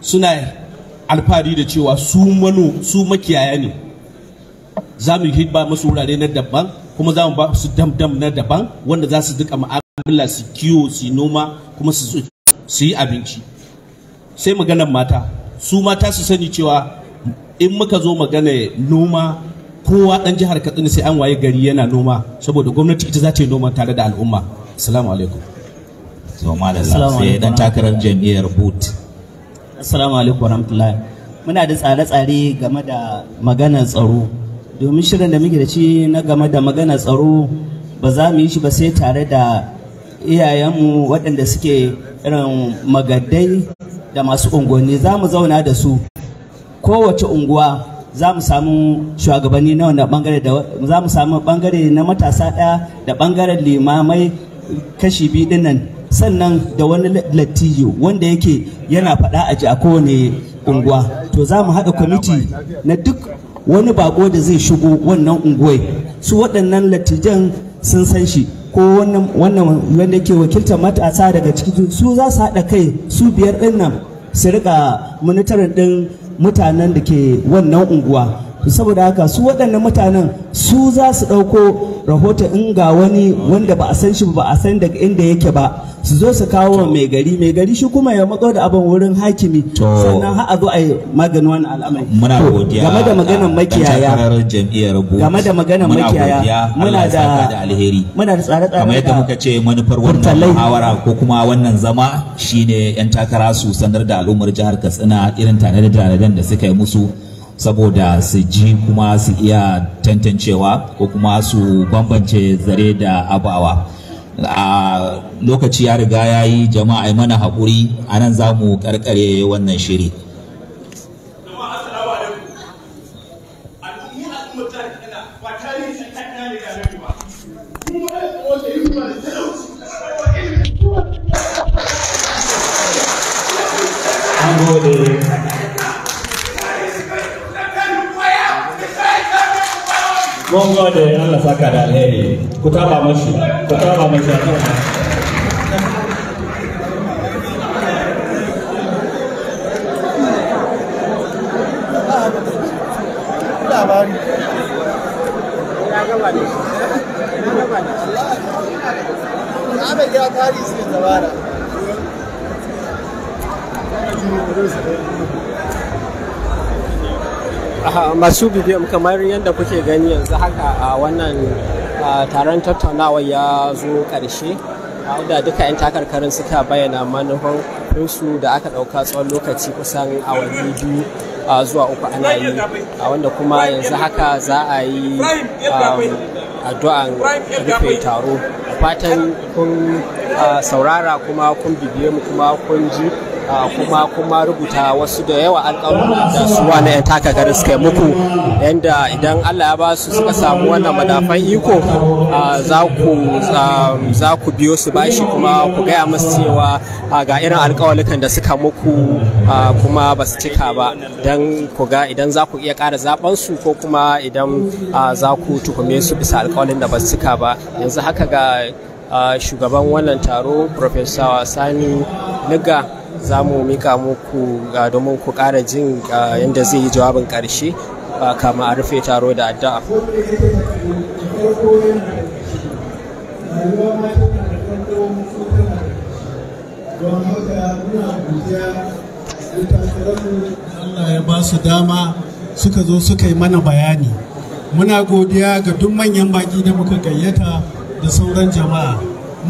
suna alfahari da cewa su mano su makiyaya ne za mu hidba masu wurare na daban kuma za mu ba su dam-dam na daban wanda za su duka ma'amala su kiwo su noma kuma su yi abinci sai maganar mata su mata su sani cewa in muka zo magana noma kowa dan jihar katsina sai an waye gari yana noma saboda gwamnati ita za ta yi noma tare da al'umma assalamu alaikum so assalamu alaikum warahmatullahi muna da tsare-tsare game da magana tsaro domin shirin da muke da shi na game da magana tsaro ba za mu yi shi ba sai tare da iyayenmu waɗanda suke irin magaddai da masu unguwanni za mu zauna da su kowace unguwa za mu samu shugabanni na wanda bangare da za mu samu bangare na matasa ɗaya da bangaren limamai kashi biyu dinnan sannan da wani lattijo wanda yake yana faɗa a ji a kowane unguwa to za mu haɗa kwamiti na duk wani bako da zai shigo wannan unguwai su waɗannan lattijan sun san shi ko wannan wanda ke wakiltar matasa daga cikin su za su haɗa kai su biyar ɗin nan su riƙa munitarin ɗin mutanen da ke wannan unguwa saboda haka su waɗannan mutanen su za su ɗauko rahoton in ga wani wanda ba a san shi ba a san daga inda yake ba su zo su kawo wa mai gari mai gari shi kuma ya matso da abin wurin hakimi sannan har a zo a yi maganin wani al'amari muna godiya game da maganar makiyaya game da maganar makiyaya muna da alheri muna da tsare-tsare kamar yadda muka ce manufar wannan muhawara ko kuma wannan zama shine yan takara su sanar da al'ummar jihar Katsina irin tanade da suka yi musu saboda su ji kuma su iya tantancewa ko kuma su bambance zare da abawa a lokaci ya riga ya yi jama'a mana haƙuri a nan za mu ƙarƙare wannan shiri mun gode Allah saka da alheri ku taba mashi ku taba mashi labari ya tari su da masu bibiyan kamar yadda kuke gani yanzu haka a wannan taron tattaunawa ya zo ƙarshe da duka 'yan takarkarin suka bayyana su da aka ɗauka tsawon lokaci kusan awanni biyu zuwa uku ana yi a wanda kuma yanzu haka za a yi addu'an rufe taro fatan kun saurara kuma kun bibiye kuma kun ji kuma kuma rubuta wasu da yawa alƙawarin da su wani 'yan taka garin suka muku yadda idan Allah ya ba su suka samu wannan madafan iko za ku biyo su bashi kuma ku gaya musu cewa ga irin alƙawalikan da suka muku kuma ba su cika ba don ku ga idan za ku iya kara zaɓen su ko kuma idan za ku tuhume su bisa alƙawalin da ba su cika ba yanzu haka ga shugaban wannan taro Professor Sani Niga za mu mika muku domin ku ƙara jin yadda zai yi jawabin ƙarshe kama a rufe taro da addu'a. don haka Allah ya ba su dama suka zo suka yi mana bayani muna godiya ga duk manyan baki da muka gayyata da sauran jama'a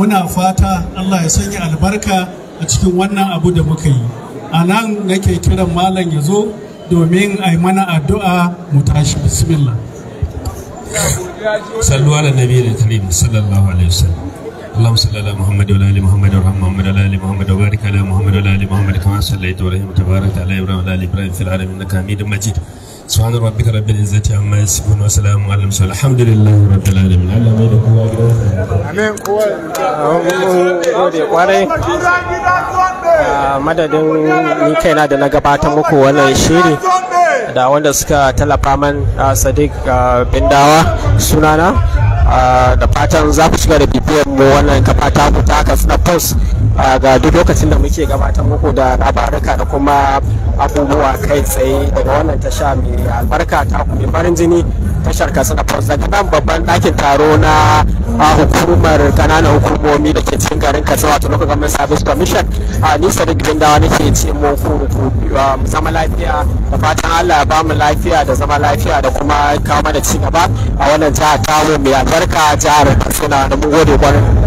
muna fata Allah ya sanya albarka a cikin wannan abu da muka yi a nan nake kiran malam ya zo domin a yi mana addu'a mu tashi bismillah sallu ala nabi da tilim sallallahu alaihi wasallam اللهم صل على محمد وعلى ال محمد وارحم محمد وعلى ال محمد وبارك على محمد وعلى ال محمد كما صليت على ابراهيم وعلى ال ابراهيم في العالمين انك subhana rabbika rabbil izzati amma yasifun wa salamun alal mursalin alhamdulillahi rabbil alamin Allah mai da kowa gidansa amin kowa gode kwarai madadin ni kaina da na gabatar muku wannan shiri da wanda suka tallafa man sadiq bindawa sunana Ah, da fatan za ku shiga da bibiyar mu wannan kafa ta ku ta na post ah, ga duk lokacin da muke gabatar muku da labaruka da kuma abubuwa kai tsaye daga wannan tasha mai albarka ta ku mai farin jini tashar na post daga nan babban ɗakin taro na hukumar kananan hukumomi da ke cikin garin kasa wato local government service commission a ni sadiq dawa nake ce mu zama lafiya da fatan allah ba mu lafiya da zama lafiya da kuma kama da ci gaba a wannan jihar tamu mai albarka jihar katsina da mu gode kwarai